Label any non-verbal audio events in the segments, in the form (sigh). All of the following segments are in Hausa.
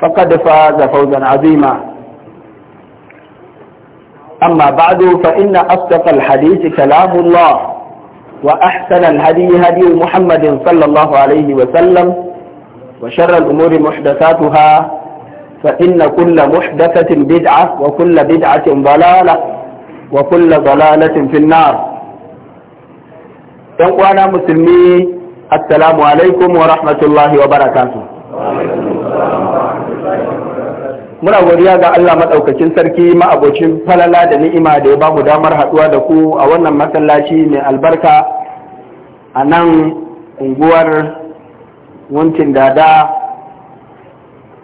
فقد فاز فوزا عظيما أما بعد فإن أصدق الحديث كلام الله وأحسن الهدي هدي محمد صلى الله عليه وسلم وشر الأمور محدثاتها فإن كل محدثة بدعة وكل بدعة ضلالة وكل ضلالة في النار أخوانا مسلمي السلام عليكم ورحمة الله وبركاته muna godiya ga Allah maɗaukacin sarki ma'abocin falala da ni'ima da ya ba mu damar haɗuwa da ku a wannan masallaci mai albarka a nan unguwar wuntin dada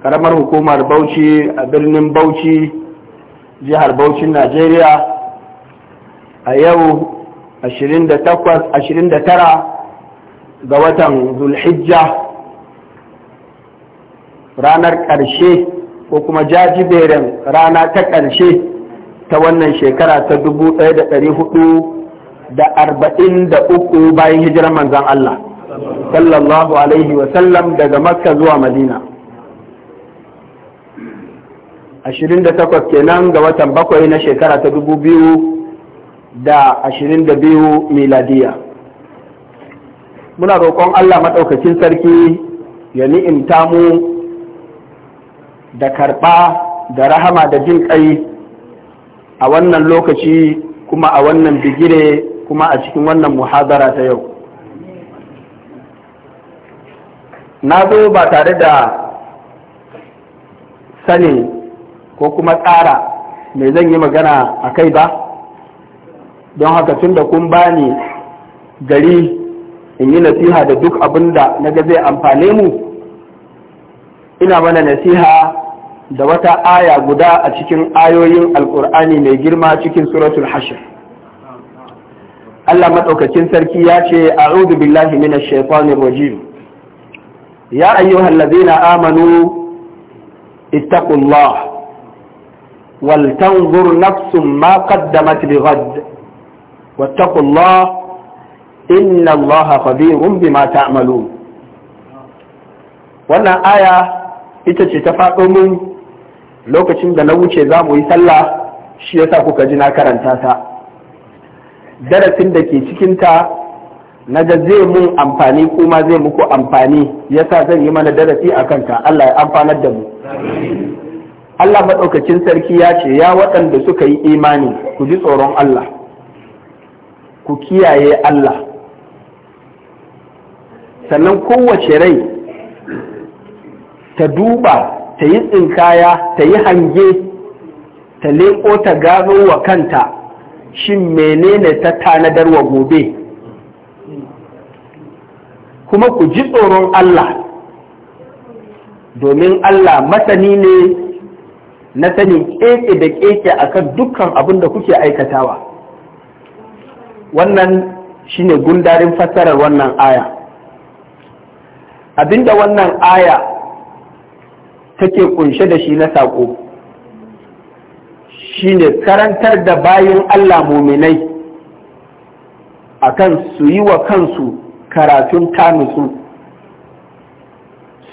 karamar hukumar bauchi a birnin bauchi jihar Bauchin Najeriya a yau 29 ga watan Zulhijja ranar ƙarshe ko kuma jajiberin rana ta ƙarshe ta wannan shekara ta dubu ɗaya da da da ɗari hudu arba'in uku bayan hijirar manzan Allah sallallahu alaihi wasallam daga makka zuwa madina 28 kenan ga watan bakwai na shekara ta dubu biyu miladiya muna roƙon Allah maɗaukacin sarki ya ni'imta mu da karɓa da rahama da jin ƙai a wannan lokaci kuma a wannan bigire kuma a cikin wannan muhadara ta yau na zo ba tare da sani ko kuma tsara mai zan yi magana a kai ba don haka tun da kun bani gari in yi nasiha da duk abin da na ga zai amfane mu ina mana nasiha da wata aya guda a cikin ayoyin alkur'ani mai girma cikin suratul hashir Allah maɗaukakin sarki ya ce a'udhu billahi minash shaitanir rajim ya ayyuhal ladzina amanu ittaqullah wal tanzur nafsum ma qaddamat lighad wattaqullah inna allaha khabirun bima ta'malun wannan aya ita ce ta faɗo mun lokacin da na wuce za mu yi sallah shi yasa kuka ji na karanta ta darasin da ke cikinta na ga zai mun amfani kuma zai muku amfani yasa zan yi mana darasi a kanta Allah ya amfanar da mu Allah maɗaukacin sarki ya ce ya waɗanda suka yi imani ku ji tsoron Allah ku kiyaye Allah sannan kowace rai ta duba ta yi tsinkaya ta yi hange ta leƙo ta gano wa kanta shin menene ta tanadar wa gobe kuma ku ji tsoron Allah domin Allah masani ne na sani keke da keke akan dukkan abin da kuke aikatawa wannan shi ne gundarin fassarar wannan aya abinda wannan aya take kunshe da shi na saƙo ne karantar da bayan Allah muminai akan su yi wa kansu karatun tanusu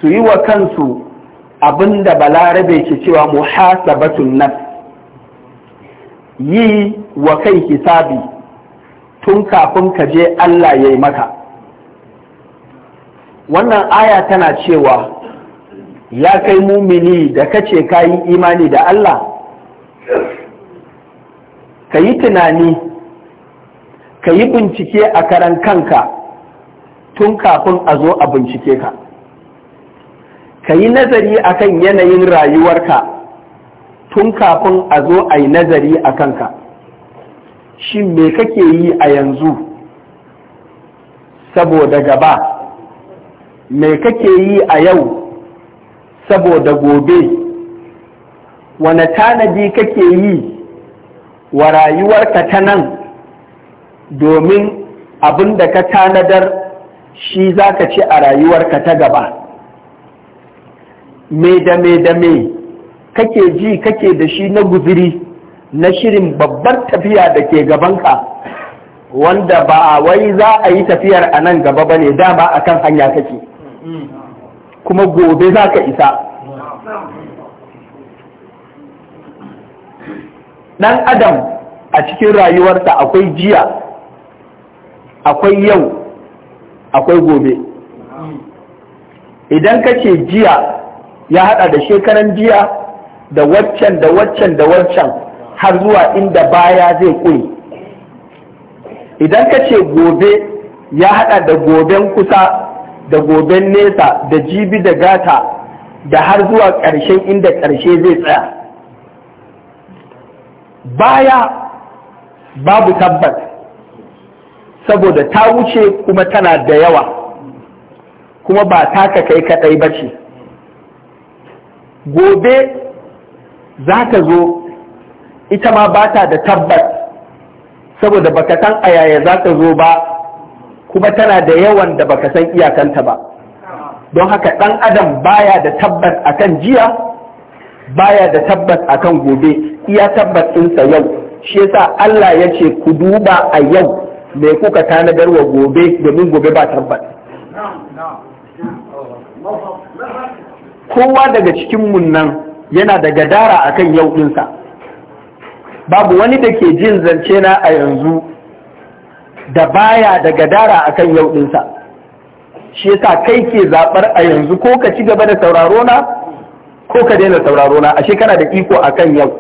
su yi wa kansu abinda balarabe ke cewa muhasabatun nan. yi wa kai hisabi tun kafin ka je Allah ya yi maka wannan aya tana cewa ya kai mumini da kace yi imani da Allah ka yi tunani ka yi bincike a karan kanka tun kafin a zo a bincike ka ka yi nazari a kan yanayin rayuwarka tun kafin a zo a yi nazari a kanka shi me kake yi a yanzu saboda gaba me kake yi a yau saboda gobe wane tanadi kake yi wa rayuwarka ta nan domin abin da ka tanadar shi za ka ci a rayuwarka ta gaba me da me da me kake ji kake da shi na guziri na shirin babbar tafiya da ke gabanka wanda ba wai za a yi tafiyar a nan gaba ba ne dama a kan hanya kake. Mm-hmm. kuma gobe za ka isa ɗan adam a cikin rayuwarsa akwai jiya akwai yau akwai gobe idan ka ce jiya ya haɗa da shekaran jiya da waccan da waccan da waccan har zuwa inda baya zai kuri idan ka ce gobe ya haɗa da goben kusa da goben nesa da jibi da gata da har zuwa ƙarshen inda ƙarshe zai tsaya baya babu tabbat saboda ta wuce kuma tana da yawa kuma ba taka kai kaɗai ba ce gobe za ta zo ita ma ba ta da tabbat saboda baka san a yaya za ka zo ba kuma tana da yawan da baka san iyakanta ba don haka ɗan adam baya da tabbas akan jiya baya da tabbas akan gobe iya tabbas ɗinsa yau shi yasa Allah ya ce ku duba a yau me kuka tanadar wa gobe domin gobe ba tabbas kowa daga cikin mun nan yana da gadara akan yau ɗinsa babu wani da ke jin zance na a yanzu da baya da gadara akan yau ɗinsa shi yasa kai ke zaɓar a yanzu ko ka ci gaba da sauraro na ko ka daina sauraro na ashe kana da iko akan yau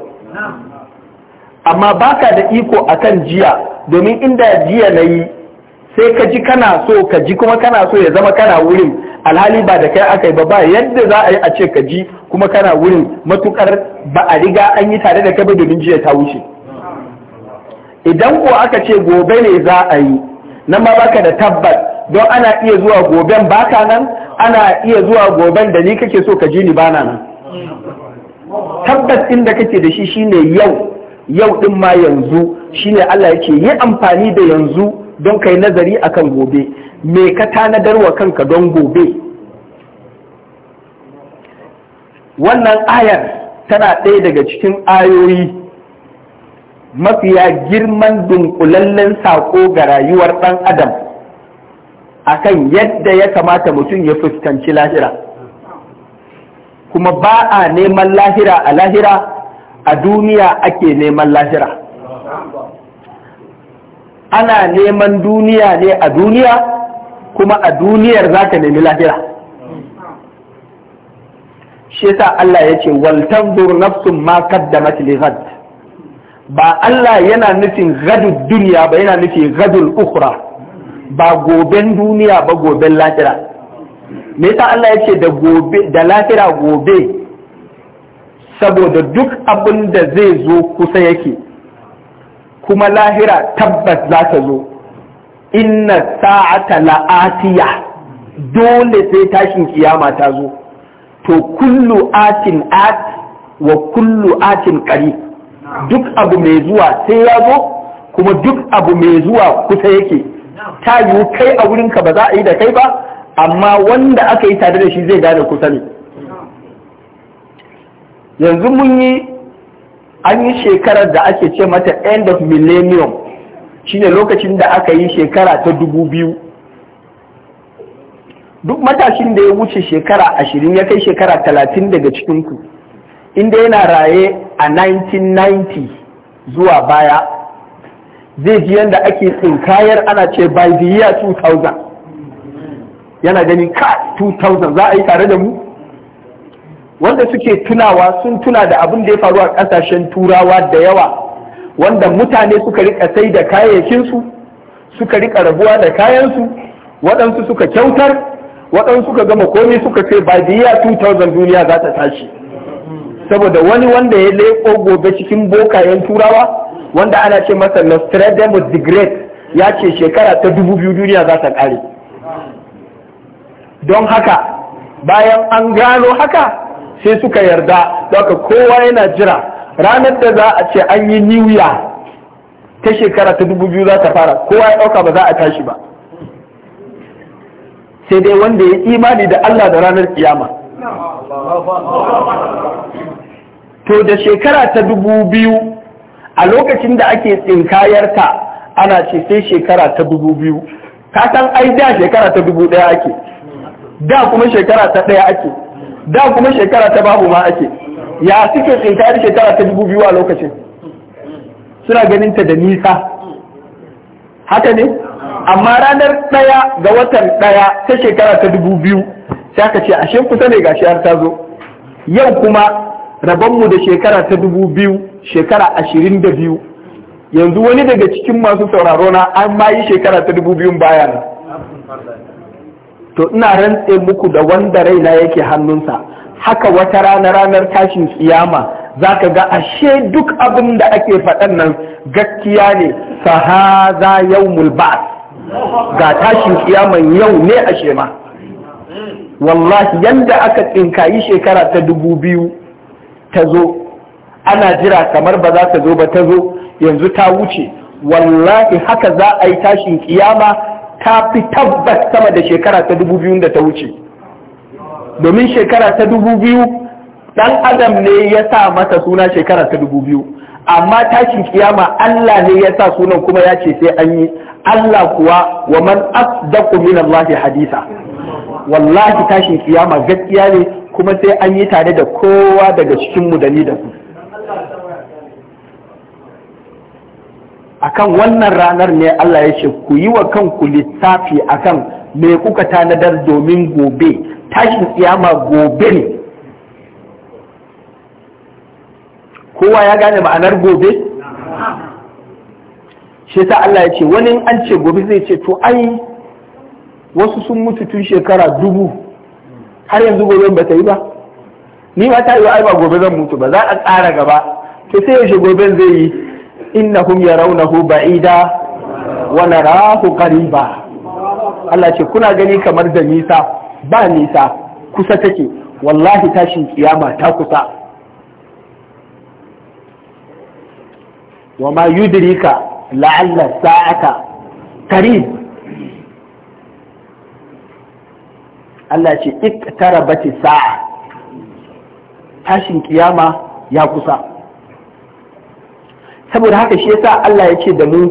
amma baka da iko akan jiya domin inda jiya na yi sai ka ji kana so ka ji kuma kana so ya zama kana wurin alhali ba da kai aka yi ba ba yadda za a yi a ce ka ji kuma kana wurin matukar ba a riga an yi tare da kai ba domin jiya ta wuce idan ko aka ce gobe ne za a yi nan ma baka da tabbas don ana iya zuwa goben baka nan ana iya zuwa goben da ni kake so ka ji ni bana nan tabbas inda kake da shi shine yau yau ɗin ma yanzu shine Allah yake yi amfani da yanzu don kai nazari akan gobe me ka tanadar wa kanka don gobe wannan ayar tana ɗaya daga cikin ayoyi mafiya girman dunkulallen sako ga rayuwar ɗan adam akan yadda ya kamata mutum ya fuskanci lahira kuma ba a neman lahira a lahira a duniya ake neman lahira ana neman duniya ne a duniya kuma a duniyar za ka nemi lahira shi sa Allah ya ce waltan nafsun ma kadda li ba Allah yana nufin gadul duniya ba yana nufin gadul ukura ba goben duniya ba goben lafira me yasa Allah ya ce da lahira gobe saboda duk abin da zai zo kusa yake kuma lahira tabbas za ta zo inna sa'ata la'atiya dole sai tashin kiyama ta zo to kullu atin at wa kullu atin qarib duk abu mai zuwa sai ya zo kuma duk abu mai zuwa kusa yake ta yi kai a wurinka ba za a yi da kai ba amma wanda aka yi tare da shi zai gane kusa ne yanzu mun yi an yi shekarar da ake ce mata end of millennium shine lokacin da aka yi shekara ta dubu biyu duk matashin da ya wuce shekara ashirin ya kai shekara talatin daga cikinku inda yana raye a 1990 zuwa baya zai ji yadda ake tsinkayar ana ce by the year 2000 yana gani ka 2000 za a yi tare da mu wanda suke tunawa sun tuna da abin da ya faru a kasashen turawa da yawa wanda mutane suka rika sai da kayayyakinsu suka rika rabuwa da kayansu waɗansu suka kyautar waɗansu suka gama komai suka ce by the year 2000 duniya za ta tashi saboda wani wanda ya leko gobe cikin bokayen turawa wanda ana ce masa Nostradamus the Great ya ce shekara ta dubu biyu duniya za ta ƙare don haka bayan an gano haka sai suka yarda daga kowa yana jira ranar da za a ce an yi new ta shekara ta dubu biyu za ta fara kowa ya ɗauka ba za a tashi ba sai dai wanda ya imani da Allah da ranar kiyama to da shekara ta dubu biyu a lokacin da ake tsinkayarta ana ce sai shekara ta dubu biyu ka san ai da shekara ta dubu ɗaya ake da kuma shekara ta ɗaya ake da kuma shekara ta babu ma ake ya suke tsinkayar shekara ta dubu biyu a lokacin suna ganin ta da nisa haka ne amma ranar ɗaya ga watan ɗaya ta shekara ta dubu biyu sai aka ce ashe kusa ne gashi har ta zo yau kuma rabonmu da shekara ta dubu biyu shekara ashirin da biyu yanzu wani daga cikin masu sauraro na an ma yi shekara ta dubu biyun baya na to ina rantse muku da wanda raina yake hannunsa haka wata rana ranar tashin kiyama za ka ga ashe duk abin da ake faɗan nan gaskiya ne sahaza yau mulbas ga tashin kiyaman yau ne ashe ma wallahi yadda aka tsinkayi shekara ta dubu biyu ta zo ana jira kamar ba za ta zo ba ta zo yanzu ta wuce wallahi haka za a yi tashin kiyama ta fi tabbas sama da shekara ta dubu biyun da ta wuce domin shekara ta dubu biyu dan adam ne ya sa masa suna shekara ta dubu biyu amma tashin kiyama Allah ne ya sa sunan kuma ya ce sai an yi Allah kuwa wa man asdaqu min Allah hadisa wallahi tashin kiyama gaskiya ne kuma sai an yi tare da kowa daga cikin mu da ni da ku akan wannan ranar ne Allah ya ce ku yi wa kanku littafi akan me kuka tanadar domin gobe tashin kiyama gobe ne kowa ya gane ma'anar gobe shi sa Allah ya ce wani an ce gobe zai ce to ai wasu sun mutu tun shekara dubu har yanzu gobe ba ta yi ba ni ma ta yi ai ba gobe zan mutu ba za a tsara gaba to sai yaushe gobe zai yi ya innahum yarawnahu ba'ida wa narahu qariba Allah ce kuna gani kamar da nisa ba nisa kusa take wallahi tashin kiyama ta kusa wa ma yudrika la'alla sa'ata qarib Allah ce iktarabati sa'a tashin kiyama ya kusa saboda haka shi yasa Allah ya ce da mu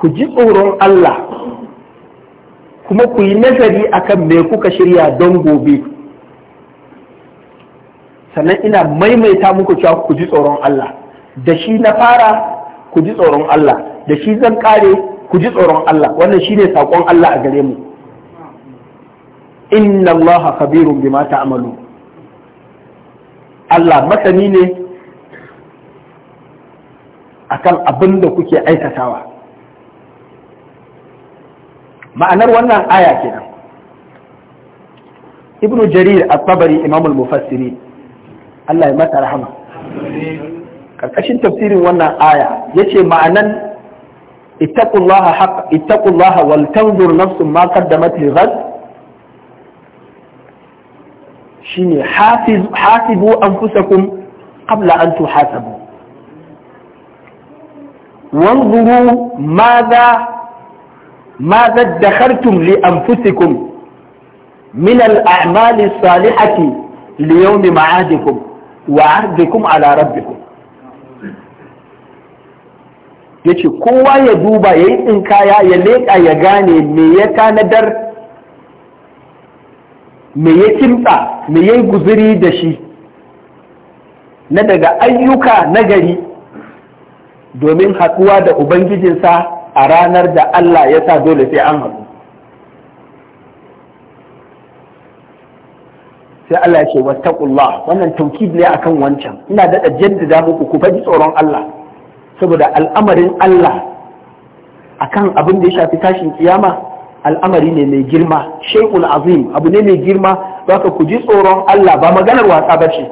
ku ji tsoron Allah kuma ku yi nazari akan me kuka shirya don gobe sannan ina maimaita muku cewa ku ji tsoron Allah da shi na fara ku ji tsoron Allah da shi zan kare ku ji tsoron Allah wannan shine sakon Allah a gare mu inna Allah khabirun bima ta'malu Allah masani ne akan abin da kuke aikatawa ma'anar wannan aya kenan ibnu jarir at-tabari imamul mufassiri Allah ya mata rahama karkashin tafsirin wannan aya yace ma'anan ittaqullaha haqq ittaqullaha wal tanzur nafsu ma qaddamat li ghad shine hafiz hasibu anfusakum qabla an tuhasabu wanzuru madha madha ماذا ادخرتم لأنفسكم من الأعمال الصالحة ليوم معادكم وعرضكم على ربكم ya ce kowa ya duba ya yi tsinkaya ya leƙa ya gane me ya tanadar me ya kimta me ya yi guziri da shi na daga ayyuka nagari domin haɗuwa da ubangijinsa a ranar da Allah ya sa dole sai an haɗu sai Allah ya ce ƙulla wannan tauki ne akan wancan ina daɗa jaddada muku ku faɗi tsoron Allah saboda al'amarin Allah a kan abin da ya shafi tashin kiyama al'amari ne mai girma shekul azim abu ne mai girma ka ku ji tsoron Allah ba maganar wasa ce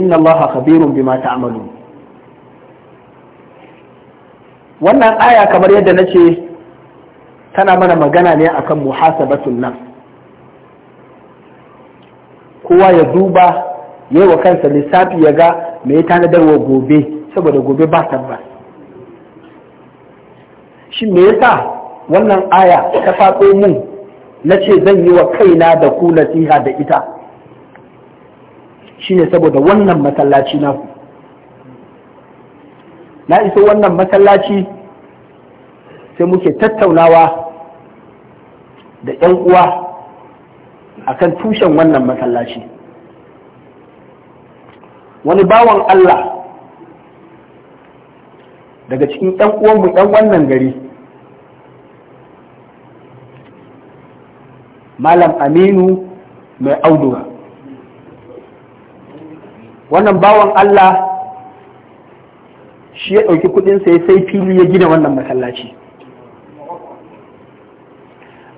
inna Allah khabirun bima ta'malun wannan aya kamar yadda na ce tana mana magana ne akan muhasabatun nan kowa ya duba yayi wa kansa lissafi ya ga mai ya tanadarwa gobe saboda gobe ba tabbas shi me yasa wannan aya ta faɗo mun na ce zan yi wa kaina da ku nasiha da ita Shi ne saboda wannan masallaci na ku na iso wannan masallaci sai muke tattaunawa da 'yan uwa akan tushen wannan masallaci wani bawan Allah daga cikin yan uwanmu yan wannan gari malam aminu mai auduwa wannan bawan allah shi ya ɗauki kuɗinsa ya sai fili ya gina wannan masallaci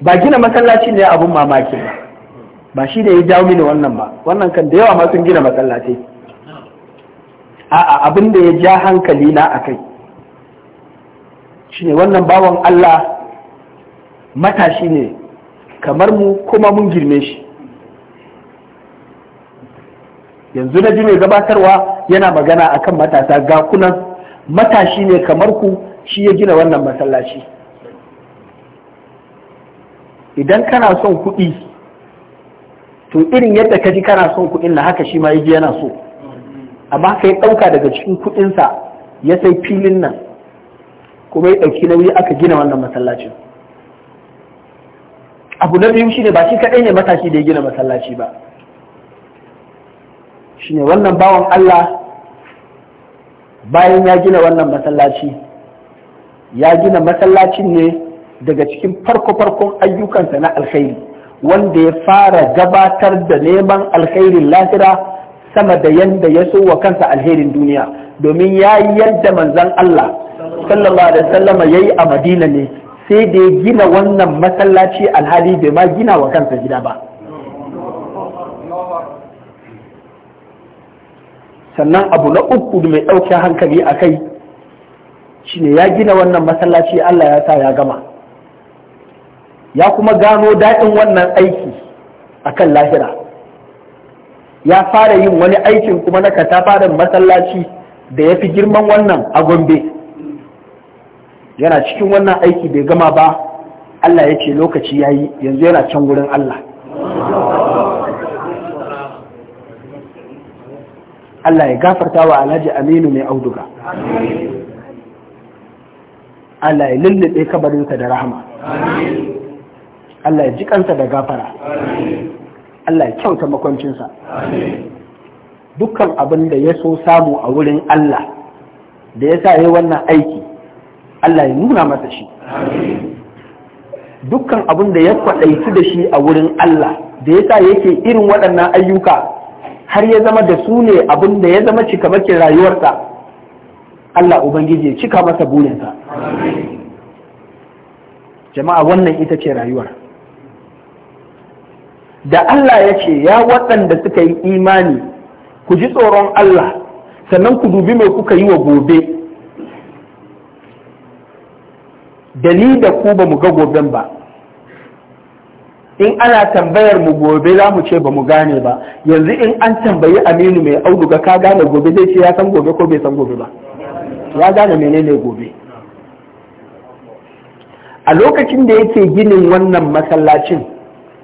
ba gina masallaci ne abin mamaki ba ba shi da ya jawo mini wannan ba wannan kan da yawa masu gina masallaci a'a abin da ya ja hankali na a kai ne wannan bawan Allah matashi ne kamar mu kuma mun girme shi yanzu na ji mai gabatarwa yana magana akan matasa ga kunan matashi ne kamar ku shi ya gina wannan masallaci idan kana son kuɗi to irin yadda ka ji kana son kuɗin na haka shi ma ya ji yana so amma ka yi ɗauka daga cikin kuɗinsa ya sai filin nan kuma ya ɗauki nauyi aka gina wannan masallacin abu na biyu shine ba shi kaɗai ne matashi da ya gina masallaci ba shine wannan bawan Allah bayan ya gina wannan masallaci ya gina masallacin ne daga cikin farko-farkon ayyukansa na alkhairi wanda ya fara gabatar da neman alkhairin lahira sama da yanda ya so wa kansa alherin duniya domin ya yi yadda manzan Allah sallallahu alaihi wasallam ya yi a madina ne sai da ya gina wannan masallaci alhali bai ma gina wa kansa gida ba sannan abu na uku da mai ɗauke hankali a kai shi ne ya gina wannan masallaci Allah ya sa ya gama ya kuma gano daɗin wannan aiki a kan lahira ya fara yin wani aikin kuma na katafaren masallaci da ya fi girman wannan a gombe yana cikin wannan aiki bai gama ba Allah ya ce lokaci ya yi yanzu yana can wurin Allah Allah ya gafarta wa alhaji aminu mai auduga Allah ya lullube kabarinsa da rahama Allah ya ji kansa da gafara Allah ya kyauta makwancinsa dukkan abin da ya so samu a wurin Allah da ya sa yi wannan aiki Allah ya nuna masa shi dukkan abin da ya kwaɗaitu da shi a wurin Allah da ya sa yake irin waɗannan ayyuka har ya zama da su ne abin da ya zama cikamakin rayuwarsa Allah Ubangiji ya cika masa burinsa jama'a wannan ita ce rayuwar da Allah ya ce ya waɗanda suka yi imani ku ji tsoron Allah sannan ku dubi mai kuka yi wa gobe da ni da ku ba mu ga goben ba in ana tambayar mu gobe za mu ce ba mu gane ba yanzu in an tambayi aminu mai auduga ka gane gobe zai ce ya san gobe ko bai san gobe ba ya gane menene gobe a lokacin da yake ginin wannan masallacin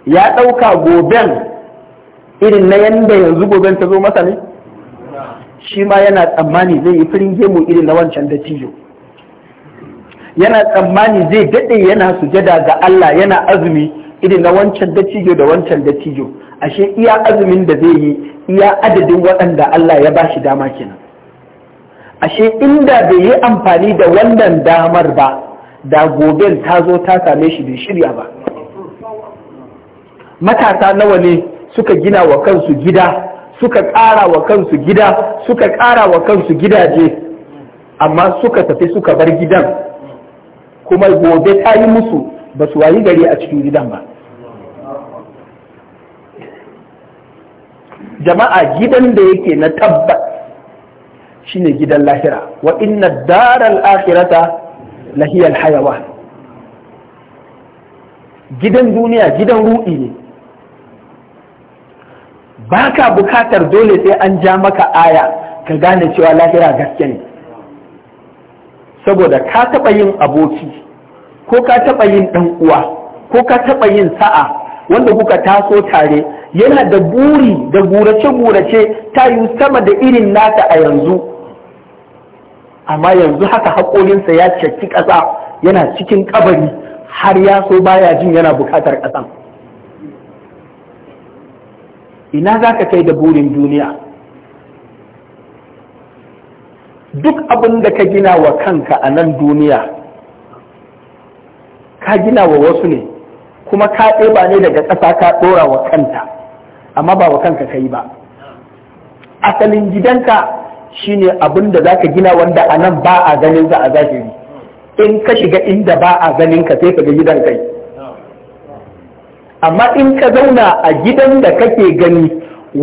ya ɗauka goben irin na yanda yanzu gobe ta zo masa ne shi ma yana tsammani zai yi firin gemu irin na wancan dattijo yana tsammani zai daɗe yana sujada ga Allah yana azumi irin na wancan dattijo da wancan dattijo ashe iya azumin da zai yi iya adadin waɗanda Allah ya ba shi dama kenan ashe inda bai yi amfani da wannan damar ba da goben ta zo ta same shi bai shirya ba matasa nawa ne suka gina wa kansu gida suka ƙara wa kansu gida suka ƙara wa kansu gidaje amma suka tafi suka bar gidan kuma gobe ta yi musu ba su wayi gari a cikin gidan ba jama'a gidan da yake na tabbas shine gidan lahira wa inna daral akhirata lahiyal hayawan gidan duniya gidan ruɗi ne ba ka bukatar dole sai an ja maka aya ka gane cewa lahira gaske ne saboda ka taɓa yin aboki ko ka taɓa yin ɗan uwa ko ka taɓa yin sa'a wanda kuka taso tare yana da buri da gurace-gurace ta yi sama da irin nata a yanzu amma yanzu haka haƙorinsa ya caki ƙasa yana cikin ƙabari har ya so baya jin yana buƙatar ƙasan. ina za ka kai da burin duniya duk abin da ka gina wa kanka a nan duniya ka gina wa wasu ne kuma ka ɗeba ne daga ƙasa ka ɗora wa kanta amma ba wa kanka ka yi ba asalin gidanka shine abin da za ka gina wanda a nan ba a ganin za a zahiri in ka shiga inda ba a ganin ka sai ka ga gidan kai amma in ka zauna a gidan da kake gani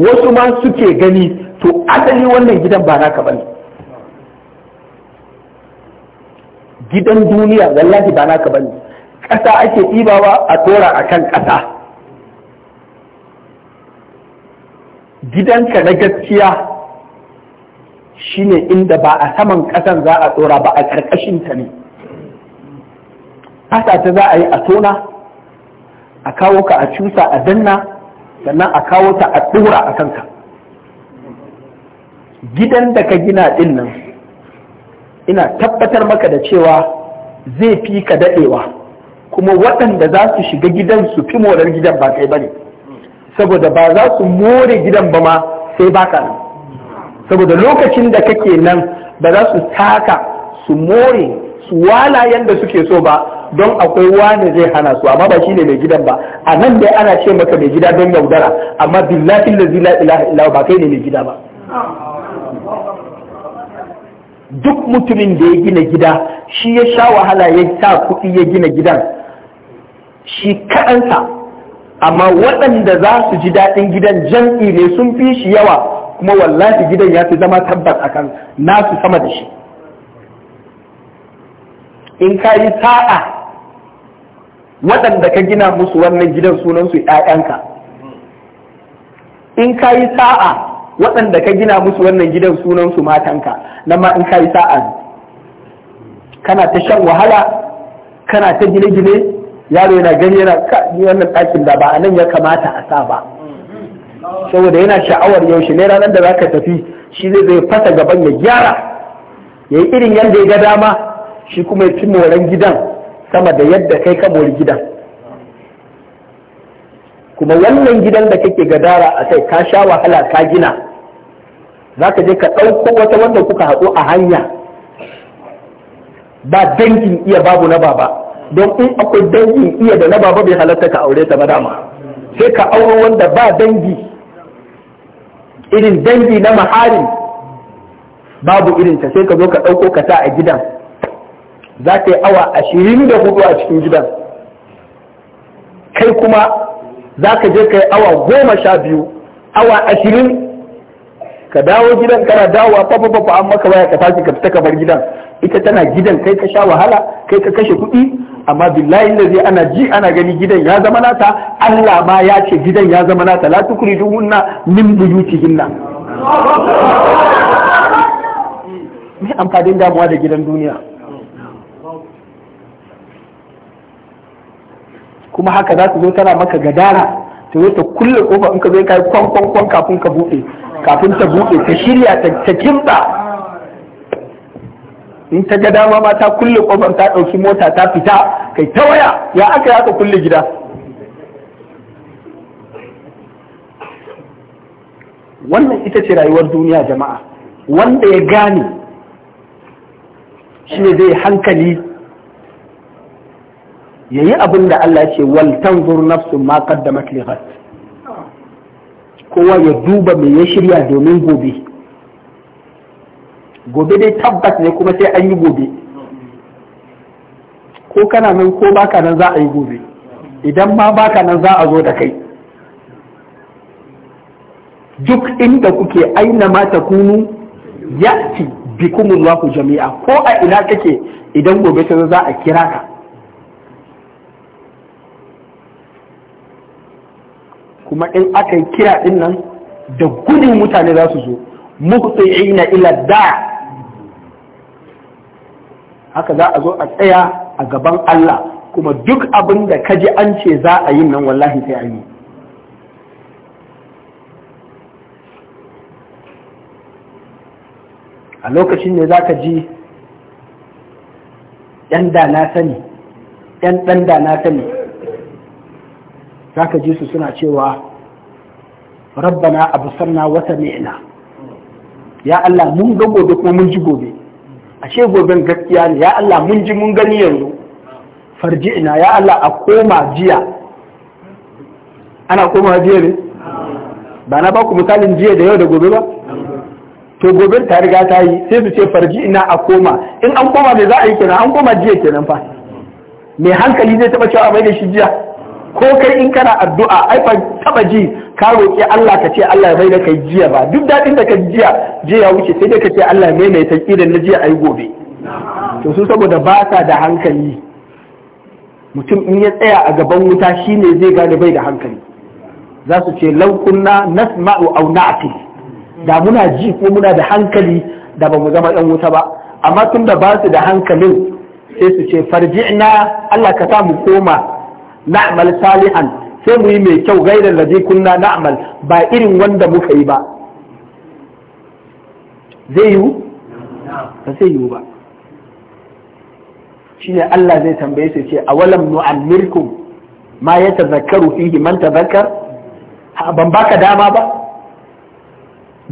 wasu ma suke gani to asali wannan gidan ba naka bane gidan duniya wallahi ba naka bane ƙasa ake ɗibawa a tora a kan ƙasa gidanka na gaskiya shine inda ba a saman ƙasan za a tsora ba a ƙarƙashinta ne ƙasa ta za a yi a tona a kawo ka a cusa a danna sannan a kawo ta a ɗora a kanka gidan da ka gina ɗin nan ina tabbatar maka da cewa zai fi ka daɗewa kuma waɗanda za su shiga gidan su fi morar gidan ba kai ba ne saboda ba za su more gidan ba ma sai baka nan saboda lokacin da kake nan ba za su taka su more su walayen da suke so ba don akwai wani zai hana su amma ba shine mai gidan ba a nan dai ana ce maka mai gida don yaudara amma billahi lazi la ilaha illa ba kai ne mai gida ba duk mutumin da ya gina gida shi ya sha wahala ya sa kuɗi ya gina gidan shi kaɗansa amma waɗanda za su ji daɗin gidan jam'i ne sun fi shi yawa kuma wallahi gidan ya fi zama tabbas akan nasu sama da shi in ka yi sa'a waɗanda ka gina musu wannan gidan sunansu ‘ya'yanka in ka yi sa'a waɗanda ka gina musu wannan gidan sunansu matanka na ma in ka yi sa'a kana ta shan wahala kana ta gine-gine yaro yana gani yana wannan ɗakin da ba a nan ya kamata a sa ba saboda yana sha'awar yaushe ne ranar da za ka tafi shi zai zai fasa gaban ya gyara ya yi irin yadda ya ga dama shi kuma ya ci moran gidan sama da yadda kai ka mori gidan kuma wannan gidan da kake gadara a kai ka sha wahala ka gina za ka je ka ɗauko wata wanda kuka haɗu a hanya ba dangin iya babu na baba don in akwai dangin iya da na baba bai halatta ka aure ta ba dama sai ka auro wanda ba dangi irin dangi na maharin babu irinta sai ka zo ka ɗauko ka sa a gidan za ka yi awa ashirin da hudu a cikin gidan kai kuma za ka je ka yi awa goma sha biyu awa ashirin ka dawo gidan kana dawowa fafa an maka waya ka tashi ka fita ka bar gidan ita tana gidan kai ka sha wahala kai ka kashe kuɗi amma billahi da zai ana ji ana gani gidan ya zama nata Allah ma ya ce gidan ya zama nata la tukrijuhunna min nan me amfanin damuwa da gidan duniya kuma haka za su zo tana maka gadara ta zo ta kulle kofa in ka zo kai kwan kwan kwan kafin ka buɗe kafin ta buɗe ta shirya ta ta kimba in ta ga dama ma ta kulle kofar ta ɗauki mota ta fita kai ta waya ya aka ya ka kulle gida wannan ita ce rayuwar duniya jama'a wanda ya gane shi ne zai hankali yayi abin da Allah ya ce wal tanzur nafsu ma qaddamat li ghad kowa ya duba me ya shirya domin gobe gobe dai tabbas ne kuma sai an yi gobe ko kana nan ko baka nan za a yi gobe idan ma baka nan za a zo da kai duk inda kuke aina mata kunu ya ci bikumullahu jami'a ko a ina kake idan gobe ta za a kira ka kuma in aka yi kira din nan da gudun mutane za su zo muhti'ina ila da haka za a zo a tsaya a gaban Allah kuma duk abin da ka ji an ce za a yi nan wallahi sai an yi a lokacin ne za ka ji ‘yan da ‘yan ɗan da na sani’ za ka ji su suna cewa rabbana abusarna wata ni'na ya Allah mun ga gobe kuma mun ji gobe ashe goben gaskiya ne ya Allah mun ji mun gani yanzu farji'na ya Allah a koma jiya ana koma jiya ne ba na baku misalin jiya da yau da gobe ba to gobe ta riga ta yi sai su ce farji ina a koma in an koma me za a yi kenan an koma jiya kenan fa mai hankali zai taba cewa mai da shi jiya ko kai in kana addu'a ai ban taba ji ka roki Allah ka ce Allah ya maida kai jiya ba duk dadin da ka jiya jiya ya wuce sai dai ka ce Allah ya mai ta kidan na jiya ai gobe to su saboda ba sa da hankali mutum in ya tsaya a gaban wuta shine zai gane bai da hankali za su ce law kunna nasma'u aw na'qil da muna ji ko muna da hankali da ba mu zama ɗan wuta ba amma tun da ba su da hankalin sai su ce farji'na Allah ka sa mu koma na'mal salihan sai mu yi mai kyau gairar da kunna na'mal ba irin wanda muka yi ba zai yiwu ba zai yiwu ba shi ne Allah zai tambaye su ce a walam nu'ammirkum ma ya tazakkaru fihi man tazakkar ban baka dama ba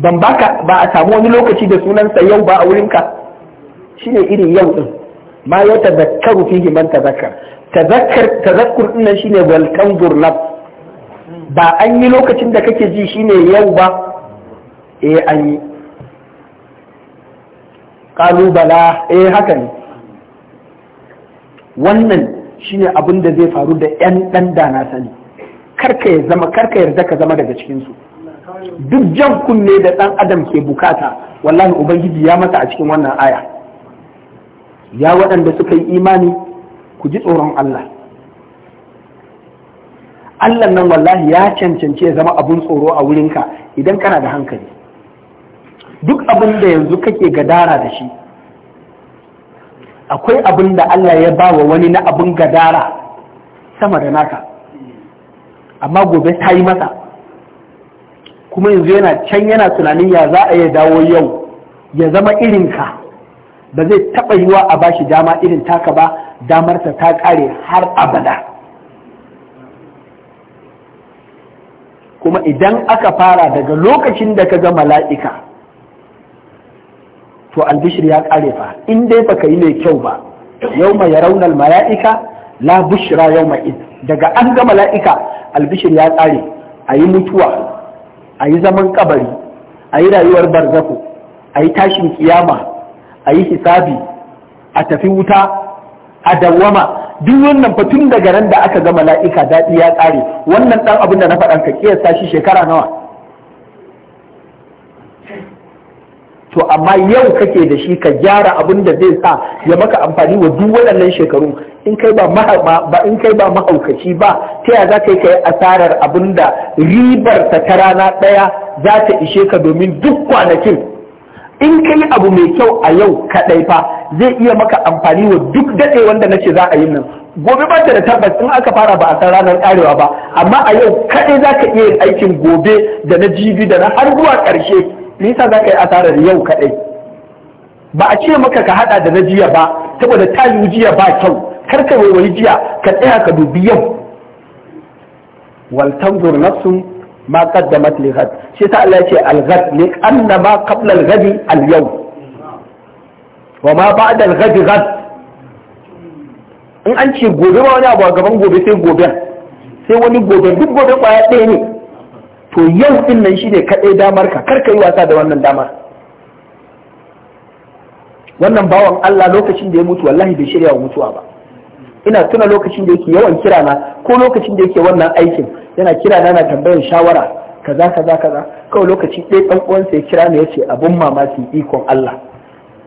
ban baka ba a samu wani lokaci da sunansa yau ba a wurinka ne irin yau din ma ya tazakkaru fihi man tazakkar tazakkur din nan shine wal kanzur ba an yi lokacin da kake ji shine yau ba eh an yi kalubala eh haka ne wannan shine abin da zai faru da yan dan dana sani karka ya zama karka yarda ka zama daga cikinsu. duk jan kunne da ɗan adam ke bukata wallahi ubangiji ya masa a cikin wannan aya ya waɗanda suka yi imani ku ji tsoron Allah Allah nan wallahi ya cancanci ya zama abun tsoro a wurinka idan kana da hankali duk abin da yanzu kake gadara da shi akwai abin da Allah ya ba wa wani na abin gadara sama da naka amma gobe ta yi masa kuma yanzu yana can yana tunanin ya za a iya dawo yau ya zama irinka ba zai taɓa yiwa a bashi dama irin taka ba Damar ta ta ƙare har abada kuma idan aka fara daga lokacin da ka ga mala'ika to albishir ya ƙare fa in dai ka yi mai kyau ba yau mai raunar mala'ika la bushra yau mai daga an ga mala'ika albishir ya ƙare a yi mutuwa a yi zaman ƙabari, a yi rayuwar barzaku a yi tashin kiyama a yi hisabi a tafi wuta a dawwama duk wannan fatun daga nan da aka gama la'ika daɗi ya ƙare wannan ɗan abin da na faɗan ka kiyasta shi shekara nawa to amma yau kake da shi ka gyara abin da zai sa ya maka amfani wa duk waɗannan shekaru in kai ba ba in kai ba mahaukaci ba ta yaya za ka yi yi asarar abin da ribar ta ta rana ɗaya za ta ishe ka domin duk kwanakin in ka yi abu mai kyau a yau kaɗai fa zai iya maka amfani wa duk daɗe wanda na ce za a yi nan gobe ba da tabbas in aka fara ba a san ranar karewa ba amma a yau kaɗai za ka iya aikin gobe da na jibi da na har zuwa ƙarshe nisa za ka yi asarar yau kaɗai ba a ce maka ka haɗa da na jiya ba saboda ta yi jiya ba kyau kar ka waiwayi jiya ka tsaya ka dubi yau wal tanzur nafsun ma qaddamat li ghad shi ta Allah ce al ghad li anna ma qabla al ghadi al yawm wa ma ba'da al ghadi ghad in an ce gobe ba wani abu a gaban gobe sai goben sai wani gobe duk gobe kwaya ɗaya ne to yau din nan shine kaɗai damar ka karka yi wasa da wannan damar wannan bawan Allah lokacin da ya mutu wallahi bai shirya wa mutuwa ba ina tuna lokacin da yake yawan kira na ko lokacin da yake wannan aikin yana kira na na tambayan shawara kaza kaza kaza kawai lokaci ɗaya ɗan uwansa ya kira ne ya ce abin mamaki ikon Allah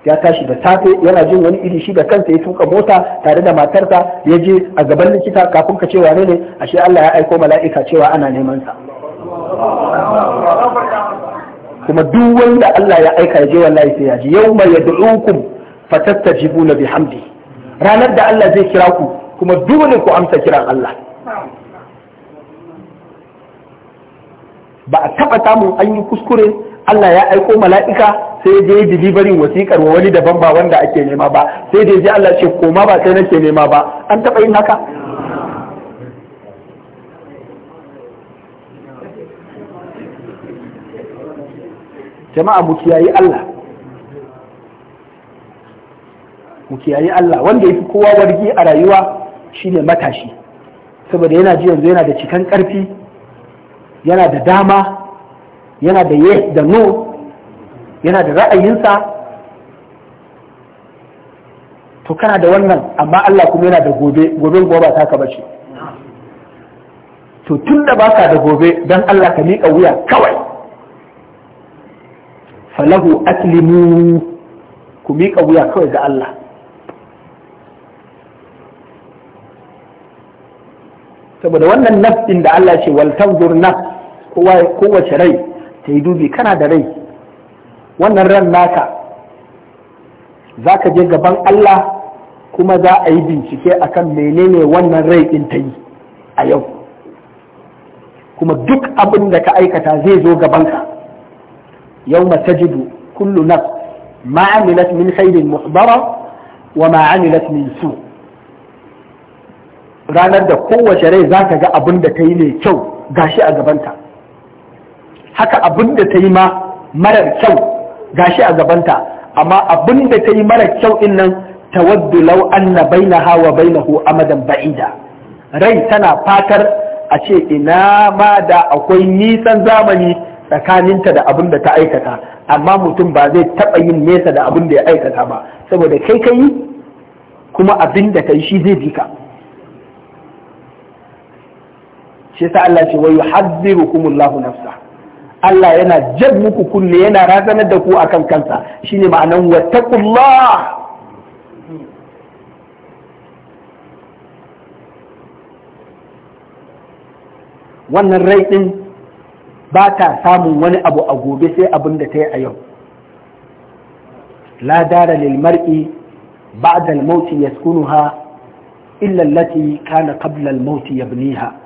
ya tashi da safe yana jin wani iri shi da kansa ya tuka mota tare da matarsa ya je a gaban likita kafin ka cewa ne ne ashe Allah ya aiko mala'ika cewa ana neman sa kuma duk wanda Allah ya aika ya je wallahi sai ya ji yawma yad'ukum fatastajibuna bihamdi ranar da Allah zai kira ku kuma dole ku amsa kiran Allah ba a taɓa samun an yi kuskure Allah ya aiko mala'ika sai je delivery wasikar wa wani daban ba wanda ake nema ba sai dai je Allah ce koma ba sai nake nema ba an taɓa yin haka jama'a mu kiyayi Allah mu kiyayi Allah wanda yafi kowa wargi a rayuwa shine matashi saboda yana ji yanzu yana da cikan karfi yana da dama yana da yes da no yana da ra'ayinsa to kana da wannan amma Allah kuma yana da gobe gobe gobe ba taka bace to tun da baka da gobe dan Allah ka miƙa wuya kawai falahu aslimu ku miƙa wuya kawai ga Allah saboda wannan naf din da Allah ce wal tanzur kowace rai ta yi dubi kana da rai wannan ran naka za ka je gaban Allah kuma za a yi bincike akan menene wannan rai din ta yi a yau kuma duk abin da ka aikata zai zo gabanka yau tajidu kullu naf ma amilat min khairin muhbara wa ma amilat min su' ranar da kowace rai za ta ga abin da ta yi mai kyau gashi a gabanta haka abin da ta yi ma marar kyau gashi a gabanta amma abin da ta yi marar kyau in nan ta na law anna hawa wa bainahu amadan ba'ida rai tana fatar a ce ina ma da akwai nisan zamani tsakaninta da abin da ta aikata amma mutum ba zai taɓa yin nesa da abin da ya aikata ba saboda kai kai kuma abin da ta yi shi zai bi ka shi yasa Allah ce wa yuhadhdhirukumullahu nafsa Allah yana jab muku kulle yana razanar da ku akan kansa shine ma'anan wattaqullah wannan rai din ba ta samun wani abu a gobe sai abin da ta yi a yau la dara lil mar'i ba'da al-maut yaskunuha illa allati kana qabla al-maut yabniha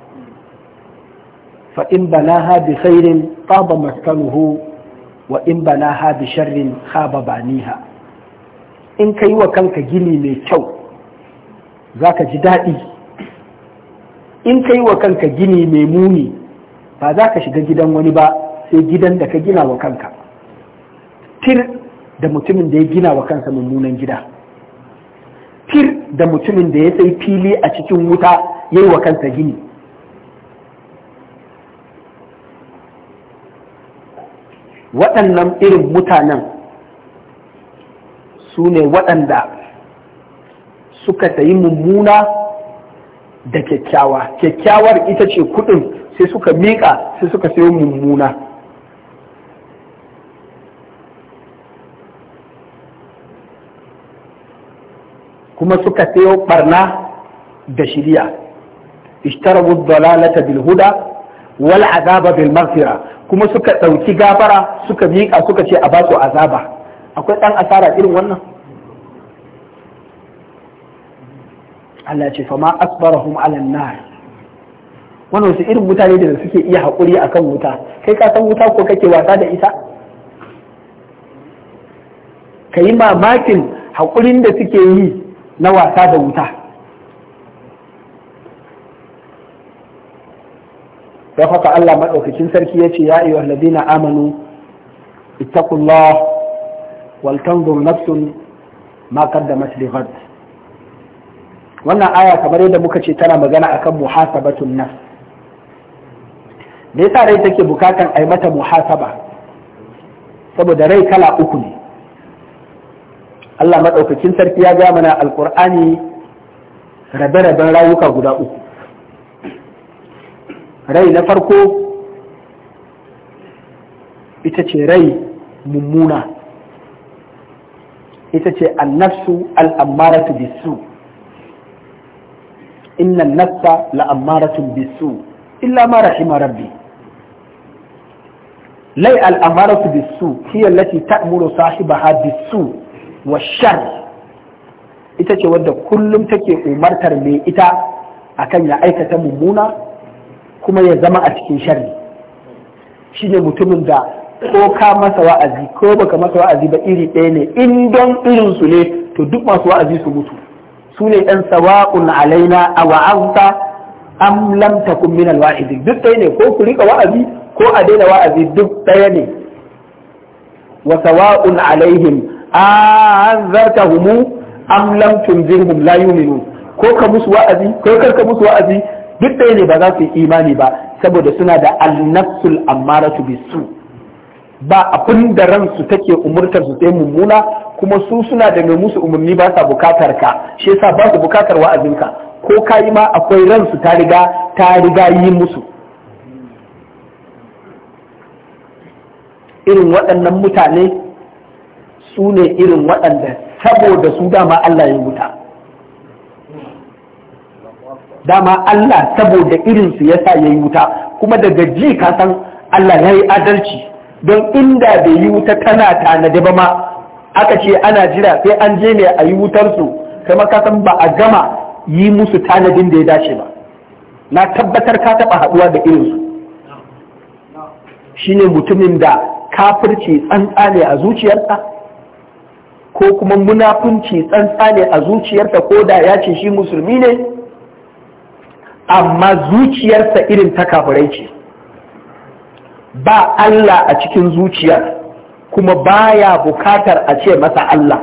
فإن بناها بخير طاب مسكنه وإن بناها بشر خاب بانيها in ka yi wa kanka gini mai kyau za ka ji daɗi in ka yi wa kanka gini mai muni ba za ka shiga gidan wani ba sai gidan da ka gina wa kanka tir da mutumin da ya gina wa kansa mummunan gida tir da mutumin da ya sai fili a cikin wuta ya yi wa kansa gini waɗannan irin mutanen su ne waɗanda suka sayi mummuna da kyakkyawa kyakkyawar ita ce kuɗin sai suka miƙa sai suka sayo mummuna kuma suka sayo ɓarna da shirya ishtarabu dalalata bil huda wal azaba bil maghfira kuma suka ɗauki gafara suka miƙa suka ce a ba su azaba akwai ɗan asara irin wannan Allah ce fama asbarahum ala nar wannan su irin mutane da suke iya hakuri akan wuta kai ka san wuta ko kake wasa da ita ka mamakin hakurin da suke yi na wasa da wuta don haka Allah maɗaukakin sarki ya ce ya ayyuhal ladina amanu ittaqullah wal tanzur nafsun ma qaddamat li ghad wannan aya kamar yadda muka ce tana magana akan muhasabatun nafs me yasa rai take bukatan ai mata muhasaba saboda rai kala uku ne Allah maɗaukakin sarki ya ga mana alqur'ani rabe-raben rayuka guda uku rai na farko ita ce rai mummuna ita ce annafsu al'ammaratu bisu inna nafsa la'ammaratu bisu illa ma rahima rabbi lai al'ammaratu bisu hiya lati ta'muru sahibaha bisu wa shar ita ce wadda kullum take umartar mai ita akan ya aikata mummuna kuma ya zama a cikin shari shi ne mutumin da ko ka masa wa'azi ko baka masa wa'azi ba iri ɗaya ne in don irin su ne to duk masu wa'azi su mutu su ne ɗan sawa'un alaina a wa'azuta am lam takun min duk ɗaya ne ko ku rika wa'azi ko a daina wa'azi duk ɗaya ne wa sawa'un alaihim humu am lam tunzirhum la yu'minun ko ka musu wa'azi ko kar musu wa'azi duk ɗaya ne ba za su yi imani ba saboda suna da annafsul bi su. ba abin da ransu take umurtar su sai mummuna kuma su suna da mai musu umarni ba sa bukatar ka shi yasa ba su bukatar wa'azinka ko ka yi ma akwai ransu ta riga ta riga yi musu irin waɗannan mutane su ne irin waɗanda saboda su dama Allah ya wuta dama Allah saboda irinsu ya sa ya yi wuta kuma daga ji ka san Allah ya yi adalci don inda bai yi wuta tana tanade ba ma aka ce ana jira sai an je ne a yi wutarsu kamar ka san ba a gama yi musu tanadin da ya dace ba na tabbatar ka taba haɗuwa da irinsu shine mutumin da kafirci tsantsane a zuciyarsa ko kuma munafunci tsantsane a zuciyarsa ko da ya ce shi musulmi ne amma zuciyarsa irin ta kafirai ce ba Allah a cikin zuciyar kuma baya bukatar a ce masa Allah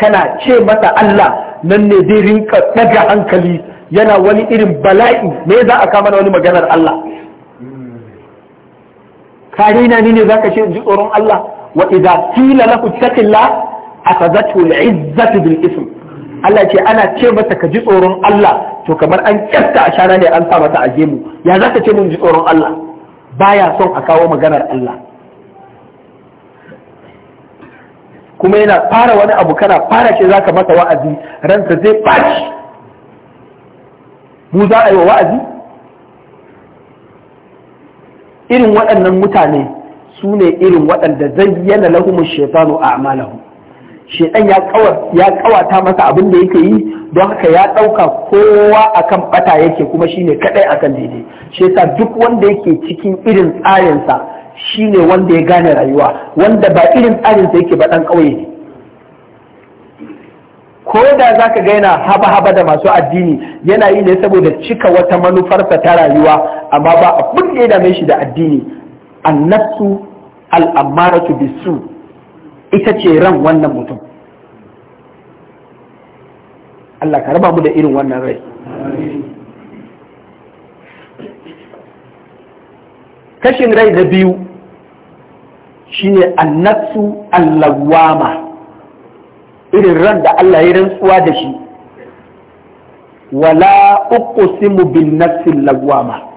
kana ce masa Allah nan ne zai rinka daga hankali yana wani irin bala'i me za a kama wani maganar Allah karina ni ne za ka ce ji tsoron Allah wa idza qila lahu taqilla akhadhathu al bil ism Allah ce ana ce masa ka ji tsoron Allah to kamar an kyasta a shana ne an sa mata a gemu ya za ta ce mun ji tsoron Allah baya son a kawo maganar Allah kuma yana fara wani abu kana fara ce za ka masa wa'azi ranta zai faci mu za a yi wa wa'azi irin waɗannan mutane su ne irin waɗanda zai yana lahumin shaitanu a amalahu shedan ya kawar ya kawata masa abin da yake yi don haka ya dauka kowa akan bata yake kuma shine kadai akan daidai shi yasa duk wanda yake cikin irin tsarin sa shine wanda ya gane rayuwa wanda ba irin tsarin sa yake ba dan kauye ne ko da zaka ga yana haba haba da masu addini yana yi ne saboda cika wata manufarsa ta rayuwa amma ba abin da ya dame shi da addini annasu al'amaratu bisu ita ce ran wannan mutum Allah ka raba mu da irin wannan rai kashin rai da biyu shine annafsu allawama irin ran da Allah ya rantsuwa da shi wala uqsimu bin nafsi lawama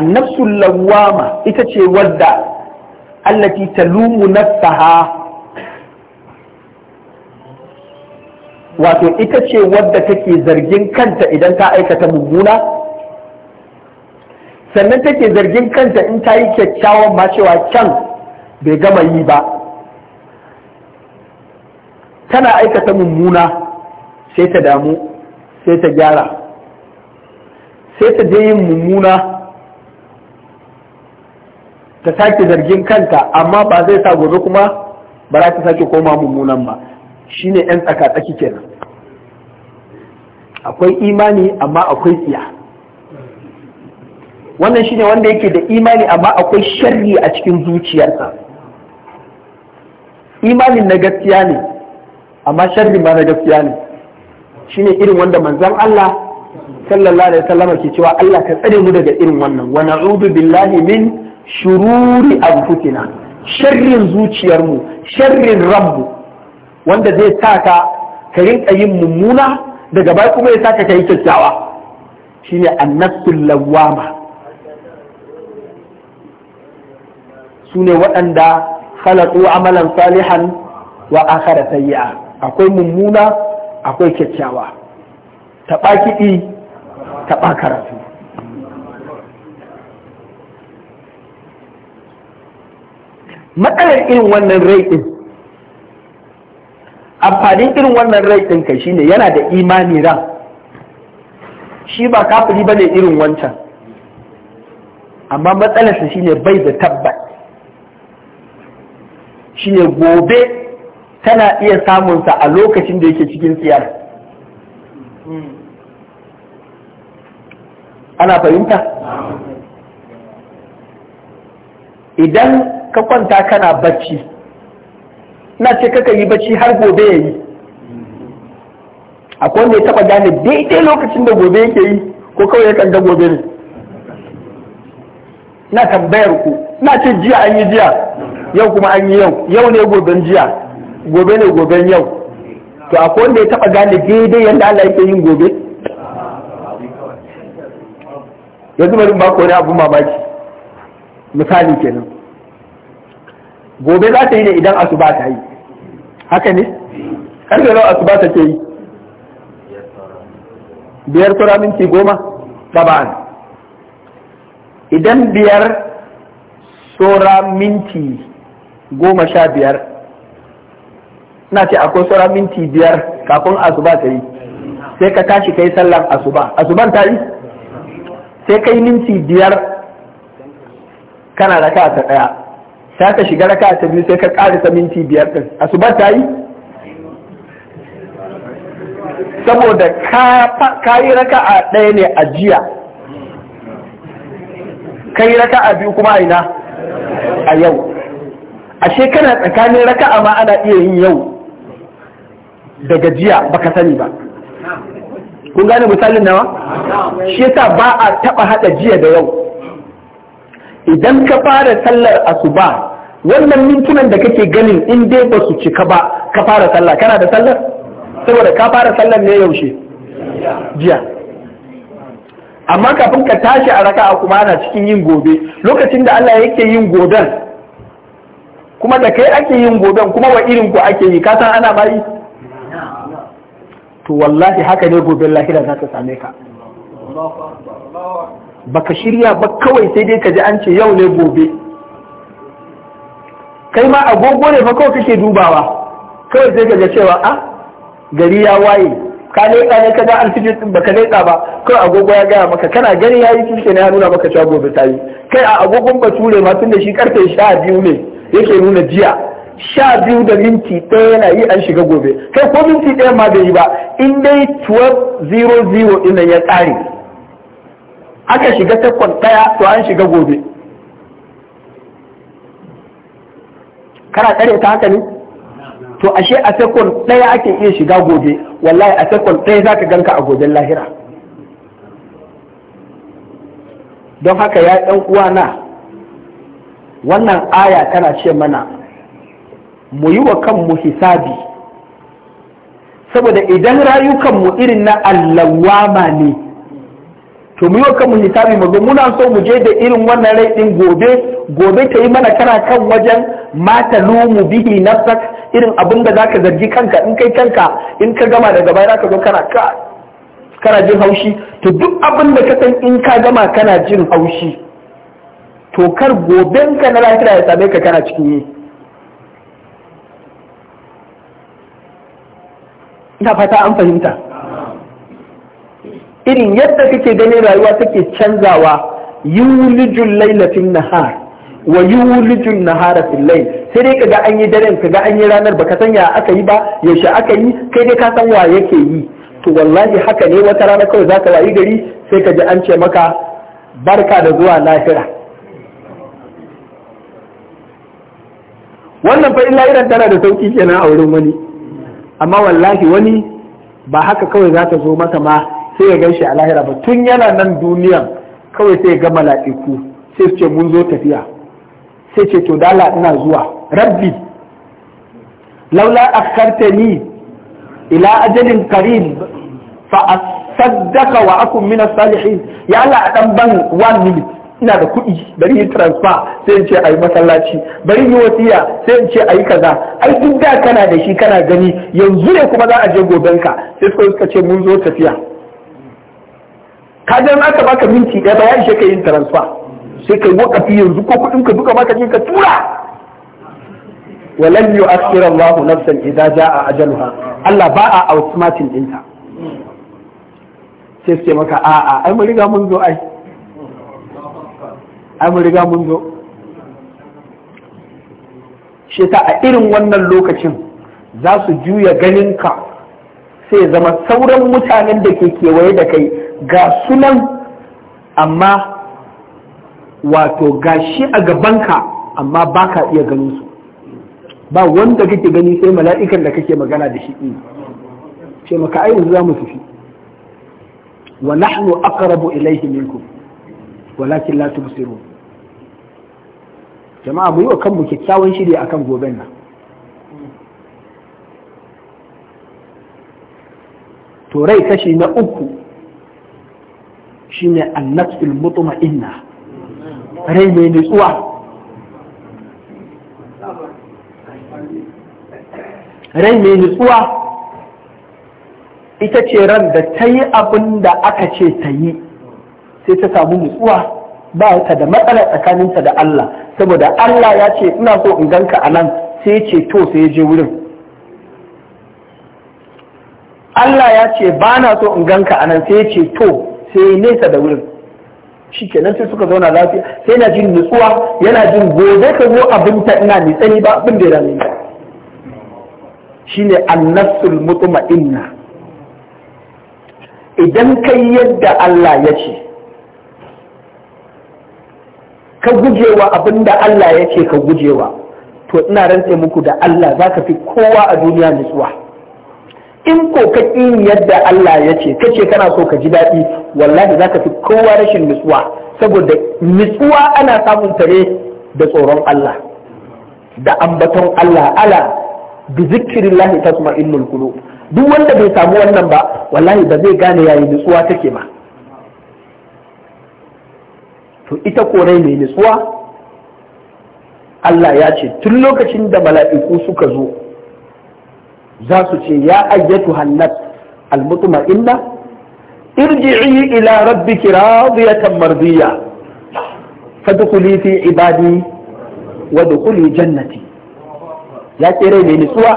annafsu lawama ita ce wadda allati talumu nafsaha wato ita ce wadda take zargin kanta idan ta aikata mummuna sannan take zargin kanta in ta yi kyakkyawan ma cewa can bai gama yi ba tana aikata mummuna sai ta damu sai ta gyara sai ta je yin mummuna ta sake zargin kanta amma ba zai sa gobe kuma ba za ta sake koma mummunan ba shine yan tsaka-tsaki kenan akwai imani amma akwai tsiya wannan shine wanda yake da imani amma akwai sharri a cikin zuciyarsa imanin na gaskiya ne amma sharri ma na gaskiya ne shine irin wanda manzan Allah sallallahu alaihi wasallam ke cewa Allah ka tsare mu daga irin wannan wa na'udu billahi min shururi anfusina sharrin zuciyarmu sharrin ranmu wanda zai sa ka ka rinka yin mummuna daga bai kuma ya sa ka yi kyakkyawa shine annasul lawama su waɗanda khalaqu amalan salihan wa akhara sayyi'a akwai mummuna akwai kyakkyawa taɓa kiɗi taɓa karatu matsalar irin wannan rai ɗin amfanin irin wannan rai ɗin kai shine yana da imani ran shi ba kafiri ne irin wancan amma matsalar matsalarsa shine bai da tabbat shine gobe tana iya samunsa a lokacin da yake cikin tsiyar ana fahimta idan ka kwanta kana bacci na ce kaka yi bacci har gobe ya yi akwai wanda ya taba gane daidai lokacin da gobe yake yi ko kawai ya kanta gobe ne na tambayar ku na ce jiya an yi jiya yau kuma an yi yau yau ne goben jiya gobe ne goben yau to akwai wanda ya taba gane daidai yadda Allah yake yin gobe yanzu bari ba ku wani abun mamaki misali kenan gobe za ta yi ne idan asuba ta yi haka ne karfe nawa asuba ta ke yi biyar tura minti goma taba'an idan biyar tura minti goma sha biyar na ce akwai tura minti biyar kafin asuba ta yi sai ka tashi kai sallar asuba asuban ta yi sai kai minti biyar kana da ta ɗaya ta ka shiga raka ta biyu sai ka karisa minti biyar ɗin asuba ta yi saboda ka yi raka a ɗaya ne a jiya ka yi raka a biyu kuma a ina a yau ashe shekara tsakanin raka ma ana iya yin yau daga jiya baka sani ba kun gane misalin nawa shi yasa ba a taɓa haɗa jiya da yau idan ka fara sallar asuba wannan mintunan da kake ganin in dai ba su cika ba ka fara sallah kana da sallar saboda ka fara sallar ne yaushe jiya amma kafin ka tashi a a kuma ana cikin yin gobe lokacin da Allah yake yin godan kuma da kai ake yin godan kuma wa irin ku ake yi kasan ana bayi to wallahi haka ne gobe, lahira za ta same ka baka shirya ba kawai sai dai ka ji an ce yau ne gobe kai ma agogo ne fa kawai kake dubawa kawai sai ka ga cewa a ah, gari ya waye ka leƙa ne ka ga alfijir din baka leƙa ba kawai agogo ya gaya maka kana gani ya yi tushe ne ya nuna maka cewa gobe ta yi kai a agogon bature ma tun da shi karfe sha biyu ne yake nuna jiya sha biyu da minti ɗaya yana yi an shiga gobe kai ko minti ɗaya ma bai yi ba in dai 12:00 ɗin ya ƙare aka shiga takon ɗaya to an shiga gobe kana tsare ta haka ne to ashe a sekon ɗaya ake iya shiga gobe wallahi a sekon ɗaya za ka ganka a goben lahira don haka ya ɗan uwana wannan aya tana ce mana mu yi wa kanmu hisabi saboda idan rayukanmu irin na allawama ne to mu yau kanmu hisabi mu muna so mu je da irin wannan rai din gobe gobe ta yi mana kana kan wajen mata lumu bihi nafsak irin abin da zaka zargi kanka in kai kanka in ka gama daga baya zaka zo kana ka kana jin haushi to duk abin da ka san in ka gama kana jin haushi to kar goben ka na lafiya ya same ka kana cikin yi ina fata an fahimta irin yadda kake ganin rayuwa take canzawa yulijul laila fil nahar wa yulijul nahara fil layl sai dai kaga an yi daren kaga an yi ranar baka san ya aka yi ba yaushe aka yi kai dai ka san wa yake yi to wallahi haka ne wata rana kawai zaka rayu gari sai ka ji an ce maka barka da zuwa lahira wannan fa illa tana da sauki kenan a wurin wani amma wallahi wani ba haka kawai za ta zo masa ma sai ya gaishe a lahira ba tun yana nan duniya kawai sai ya ga mala'iku sai su ce mun zo tafiya sai ce to dala ina zuwa rabbi laula ni ila ajalin karim fa asaddaka wa akun min salihin ya Allah a dan ban one minute ina da kuɗi bari yi transfer sai in ce a yi masallaci bari yi wasiya sai in ce a yi kaza ai duk da kana da shi kana gani yanzu ne kuma za a je gobenka sai suka ce mun zo tafiya ka dan aka baka minti ɗaya ba ya ishe ka yin transfer sai kai wakafi yanzu ko kudin ka duka baka je ka tura walan yu'akhir Allah nafsan idza jaa ajaluha Allah ba a automatic dinta sai sai maka a'a ai mun riga mun zo ai ai mun riga mun zo shi ta a irin wannan lokacin za su juya ganin ka. sai zama sauran mutanen da ke kewaye da kai ga sunan amma wato gashi a gabanka amma ba ka iya ganin su ba wanda kake gani sai mala'ikan da kake magana da shi ce maka ai yanzu za mu tafi wa nahnu aqrabu ilayhi minkum walakin la tubsirun jama'a mu yi wa kanmu kyakkyawan shiri akan goben nan to rai kashi na uku shine annafsul mutma'inna rai mai nutsuwa rai mai nutsuwa ita ce ran da ta yi abin da aka ce ta yi sai ta samu nutsuwa ba ta da matsala tsakaninta da Allah saboda Allah ya ce ina so in ganka a nan sai ce to sai je wurin Allah ya ce ba na so in ganka anan sai ya ce to sai nesa da wurin shi kenan sai suka zauna lafiya sai na jin nutsuwa yana jin gobe ka zo abin ta ina tsari ba abin da ya rame ni shine annasul mutma'inna idan kai yadda Allah ya ce ka gujewa abin da Allah ya ce ka gujewa to ina rantse muku da Allah zaka fi kowa a duniya nutsuwa in ko ka ƙi yadda Allah ya ce kace kana so ka ji daɗi wallahi ka fi kowa rashin nutsuwa saboda nutsuwa ana samun tare da tsoron Allah da ambaton Allah ala bi zikrillah tasma'innul qulub duk wanda bai samu wannan ba wallahi ba zai gane yayi nutsuwa take ba to ita korai mai nutsuwa Allah ya ce tun lokacin da mala'iku suka zo za su ce ya ayyatu hannat almutuma inna irji'i ila rabbiki radiyatan mardiya fadkhuli fi ibadi wa dkhuli jannati ya kere ne nutsuwa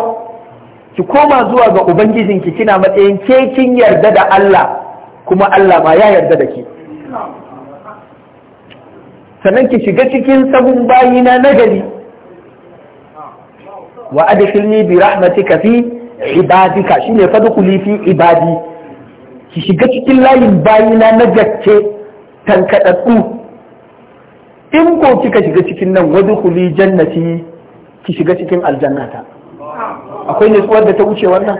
ki koma zuwa ga ubangijinki kina matsayin kekin yarda da Allah kuma Allah ma ya yarda da ki sannan ki shiga cikin sabon bayina na gari wa adkhilni bi rahmatika fi ibadika shine fadu kulifi ibadi ki shiga cikin layin bayina na gaske in ko kika shiga cikin nan kuli jannati ki shiga cikin aljannata akwai nutsuwar da ta wuce wannan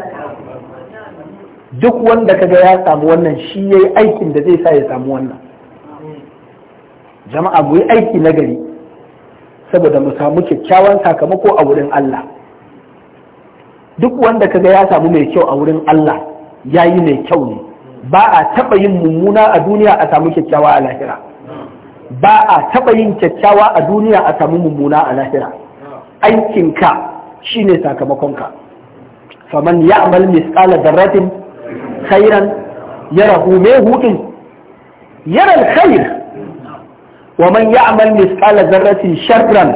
duk wanda kaga ya samu wannan shi ya yi aikin da zai sa ya samu wannan jama'a muyi yi aiki nagari saboda mu samu kyakkyawan sakamako a wurin Allah duk wanda kaga ya samu mai kyau a wurin Allah ya yi mai kyau ne ba a taɓa yin mummuna a duniya a samu kyakkyawa a lahira ba a taɓa yin kyakkyawa a duniya a samu mummuna a lahira aikinka shine sakamakonka faman ya'mal misqala darratin khairan yarahu mai hudin yara alkhair wa man ya ya'mal misqala darratin sharran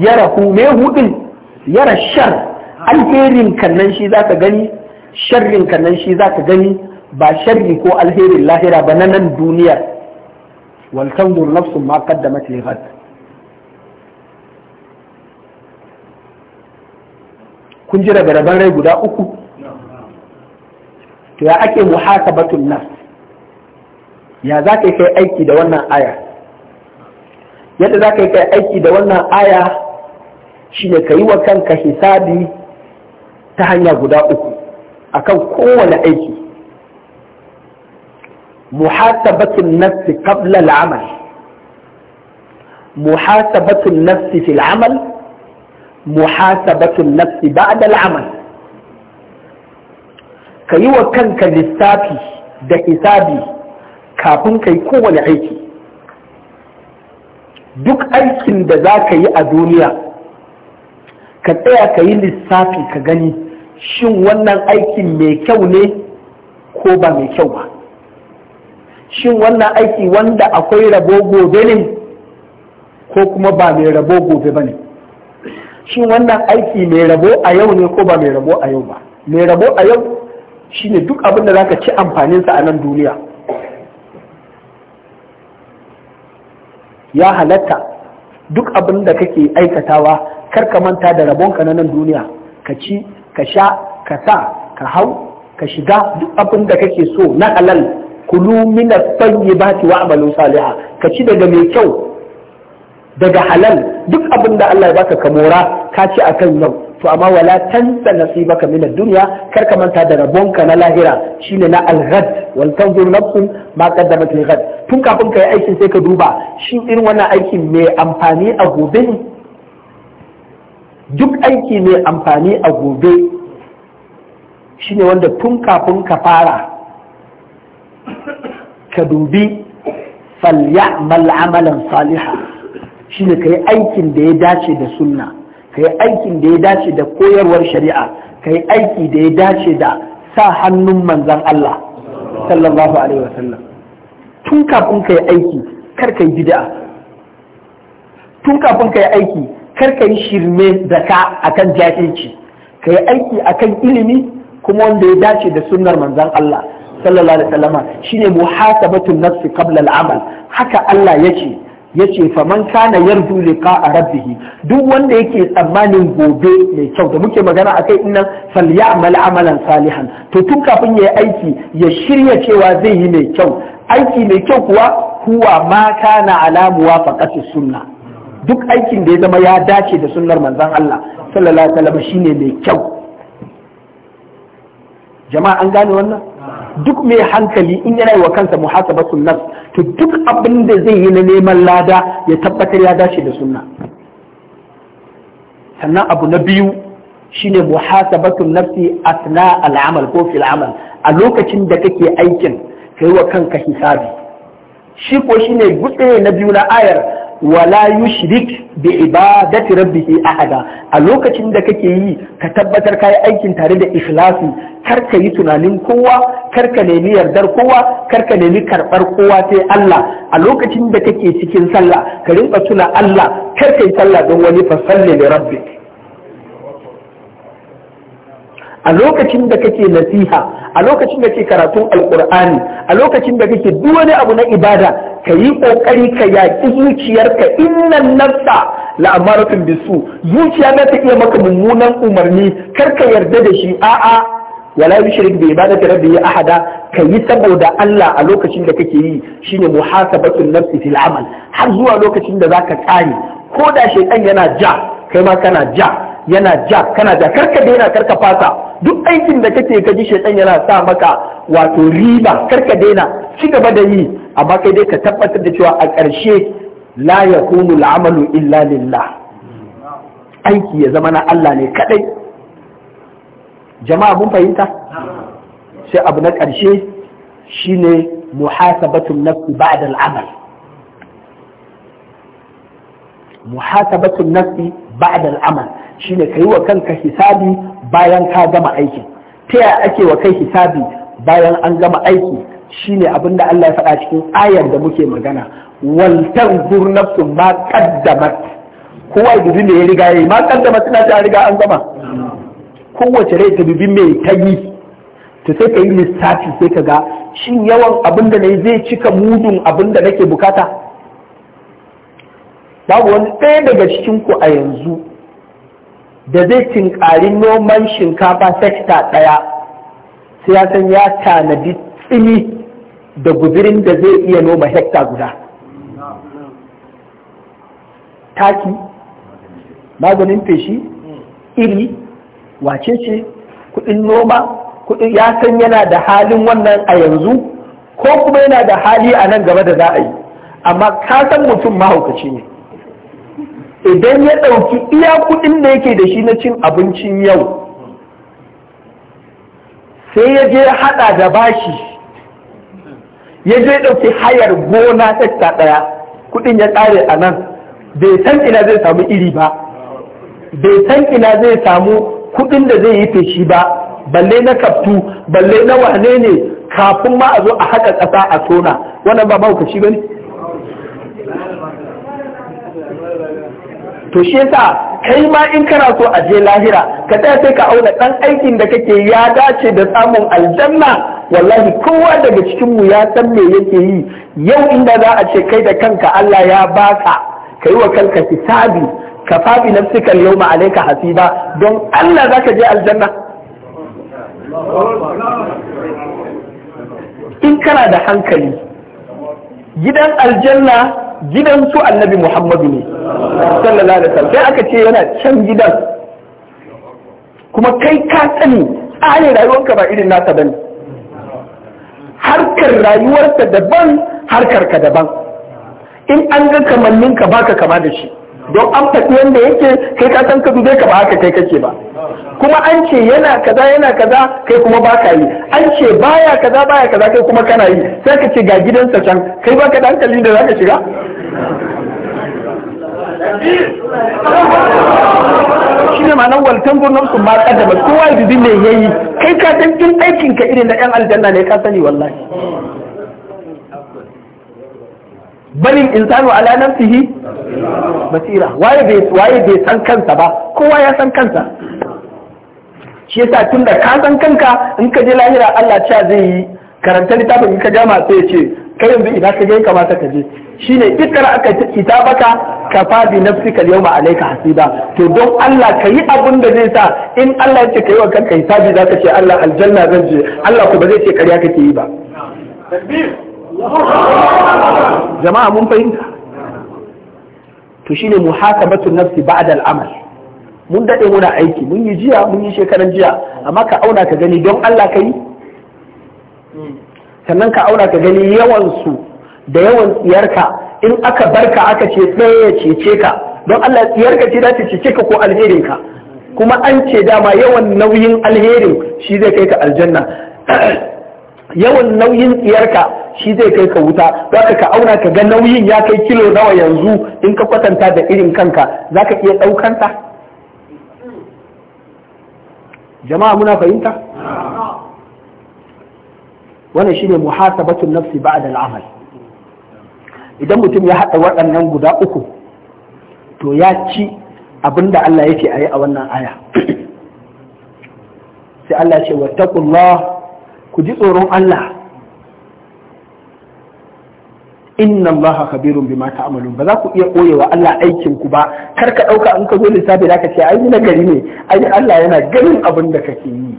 yarahu mai hudin yara shar alherin kannan shi za ka gani sharrin kannan shi za ka gani ba sharri ko alherin lahira ba na nan duniyar wal tanzur nafsun ma qaddamat li ghad kun ji daga raban rai guda uku to ya ake muhasabatun nafs ya za ka kai aiki da wannan aya yadda za ka kai aiki da wannan aya ne ka yi wa kanka hisabi ta hanya guda uku akan kowane aiki muhasabatun nafsi qabla al'amal muhasabatun nafsi fil amal muhasabatun nafsi ba'da al'amal ka yi wa kanka lissafi da hisabi kafin ka yi kowane aiki duk aikin da za ka yi a duniya ka tsaya ka yi lissafi ka gani shin wannan aikin mai kyau ne ko ba mai kyau ba shin wannan aiki wanda akwai rabo gobe ne ko kuma ba mai rabo gobe ba ne shin wannan aiki mai rabo a yau ne ko ba mai rabo a yau ba mai rabo a yau shi ne duk abin da za ka ci amfaninsa a nan duniya ya halatta duk abin da kake aikatawa kar ka manta da rabonka na nan duniya ka ci ka sha ka sa ka hau ka shiga duk abin da kake so na halal kulu min at-tayyibati wa amalu Saliha ka ci daga mai kyau daga halal duk abin da Allah ya baka ka mora ka ci akan yau to amma wala tansa nasibaka min ad-dunya kar ka manta da rabonka na lahira shine na al-ghad wal tanzur nafsun ma qaddamat li-ghad tun kafin ka yi aikin sai ka duba shin irin wannan aikin mai amfani a gobe ne duk aiki mai amfani a gobe shine wanda tun kafin ka fara ka dubi falya mal'amalan saliha shine ka yi aikin da ya dace da sunna ka yi aikin da ya dace da koyarwar shari'a ka yi aiki da ya dace da sa hannun manzan Allah sallallahu alaihi wasallam tun kafin ka yi aiki kar ka yi bid'a tun kafin ka yi aiki kar ka yi shirme zaka akan jahilci ka yi aiki akan ilimi kuma wanda ya dace da sunnar manzon Allah sallallahu alaihi wasallama shine muhasabatun nafsi qabla al-amal haka Allah yace yace faman kana yarju liqa'a rabbih duk wanda yake tsammanin gobe mai kyau da muke magana akai innan falyamal amalan salihan to tun kafin yayi aiki ya shirya cewa zai yi mai kyau aiki mai kyau kuwa huwa ma kana ala muwafaqati sunnah duk aikin da ya zama ya dace da sunnar manzan Allah sallallahu alaihi wasallam shine mai kyau jama'a an gane wannan duk mai hankali in yana wa kansa muhasabatu nafs to duk abin da zai yi na neman lada ya tabbatar ya dace da sunna sannan abu na biyu shine muhasabatu nafsi asna al'amal ko fil amal a lokacin da kake aikin kai wa kanka hisabi shi ko shine gutse na biyu na ayar wala yushrik bi ibadati rabbih ahada a lokacin da kake yi ka tabbatar kai aikin tare da ikhlasi kar ka yi tunanin kowa kar ka nemi yardar kowa kar ka nemi karbar kowa sai Allah a lokacin da kake cikin sallah ka rinka tuna Allah kar ka sallah don wani fa salli li a lokacin da kake nasiha a lokacin da kake karatun alqur'ani a lokacin da kake duk wani abu na ibada ka yi ƙoƙari ka yaƙi zuciyarka innan nafsa la'amaratun bisu zuciya za ta iya maka mummunan umarni kar ka yarda da shi a'a wala yushrik bi ibadati rabbihi ahada ka yi saboda Allah a lokacin da kake yi shine muhasabatun nafsi fil amal har zuwa lokacin da zaka tsani ko da shaytan yana ja kai ma kana ja yana ja kana ja karka daina karka fasa duk aikin da kake ka ji shaitan yana sa maka wato riba karka daina ci gaba da yi amma kai dai ka tabbatar da cewa a ƙarshe la yakunu al'amalu illa lillah aiki ya zama na Allah ne kadai jama'a mun fahimta sai abu na ƙarshe shine muhasabatun nafsi ba'da al'amal muhasabatun nafsi ba'da al'amal shine kai wa kanka hisabi bayan ka gama aikin ta yaya ake wa kai hisabi bayan an gama aiki Shi ne abin da Allah ya faɗa cikin ayar da muke magana Waltar tanzur su ma qaddamat kowa dubi me ya riga yi ma qaddamat suna ta riga an gama kowace rai ta dubi mai ta yi Ta sai ka yi lissafi sai ka ga shin yawan abin da yi zai cika mudun abin da nake bukata babu wani ɗaya daga cikin ku a yanzu da zai tinkari noman shinkafa sekta ɗaya sai ya san ya tanadi tsini da guzirin da zai iya noma hekta guda taki maganin feshi iri wace ce kudin noma kudin ya san yana da halin wannan a yanzu ko kuma yana da hali a nan gaba da za a yi amma ka san mutum mahaukaci ne idan ya ɗauki iya kudin da yake da shi na cin abincin yau sai ya je ya haɗa da bashi ya je ɗauki hayar gona ta ɗaya kuɗin ya ƙare a nan bai san ina zai samu iri ba bai san ina zai samu kuɗin da zai yi feshi ba balle na kaftu balle na wane ne kafin ma a zo a haka ƙasa a tona wannan ba mahaukaci ba ne to shi yasa kai ma in kana so a je lahira ka tsaya sai ka auna ɗan aikin da kake ya dace da samun aljanna wallahi kowa daga cikinmu ya san me yake yi yau inda za a ce kai da kanka Allah ya baka ka yi wa kanka hisabi ka faɗi nafsika yau ma alaika hasiba don Allah za ka je aljanna in kana da hankali gidan aljanna gidan su annabi Muhammadu ne sallallahu alaihi wasallam sai aka ce yana can gidan kuma kai ka sani tsare rayuwarka ba irin nasa bane harkar rayuwarsa daban harkar ka daban in an ga kamannin ka baka kama da shi don an faɗi wanda yake kai ka san ka dube ka ba haka kai kake ba kuma an ce yana kaza yana kaza kai kuma baka yi an ce baya kaza baya kaza kai kuma kana yi sai ka ce ga gidansa can kai baka da hankali da za ka shiga shine ma'anar waltan tanzur nafsu ma ba kowa ya dubi me yayi kai ka san in aikin ka irin na yan aljanna ne ka sani wallahi balin insanu ala nafsihi basira waye bai waye bai san kansa ba kowa ya san kansa shi yasa tunda ka san kanka in ka je lahira Allah cewa zai yi karanta littafin ka jama sai ya ce Ka yanzu idan ka je kamata ka je shine ikra aka ita baka kafa bi nafsika yawma alayka hasiba to don Allah ka yi abin da zai sa in Allah ya ce yi wa kanka hisabi ka ce Allah aljanna zan je Allah ku ba zai ce kariya kake yi ba jama'a mun fahimta to shine muhasabatu nafsi ba'da al'amal mun dade muna aiki mun yi jiya mun yi shekaran jiya amma ka auna ka gani don Allah ka yi. sannan ka auna ka gani yawansu da yawan tsiyarka in aka barka aka ce ɗaya ya cece ka don Allah tsiyarka ce za ta cece ka ko alherinka kuma an ce dama yawan nauyin alherin shi zai kai ka aljanna (clears throat) yawan nauyin tsiyarka shi zai kai ka wuta zaka ka auna ka ga nauyin ya kai kilo nawa yanzu in ka kwatanta da irin kanka za ka iya ɗaukanta jama'a muna fahimta wannan shine muhasabatu nafsi ba'da al'amal idan mutum ya haɗa waɗannan guda uku to ya ci abinda Allah yake ayi a wannan aya (clears throat) sai Allah ce wattaqullah ku ji tsoron Allah inna Allah kabirun bima ta'malun ba za ku iya wa Allah aikin ku ba kar ka dauka in ka zo lissafi zaka ce ai na gari ne ai Allah yana ganin abin da kake yi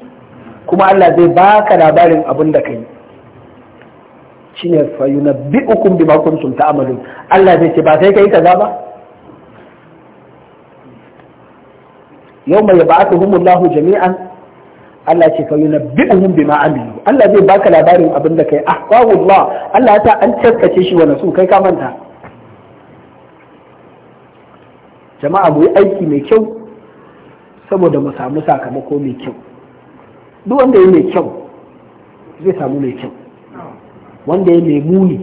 kuma Allah zai baka labarin abinda da kai shine bi yunabbi'ukum bima kuntum ta'malun Allah zai ce ba sai kai kaza ba yawma yab'athuhumullahu jami'an Allah ce fa yunabbi'uhum bima amilu Allah zai baka labarin abin da kai ahwahullah Allah ta an taskace shi wa nasu kai ka manta jama'a mu yi aiki mai kyau saboda mu samu sakamako mai kyau duk wanda ya mai kyau zai samu mai kyau wanda ya mai muni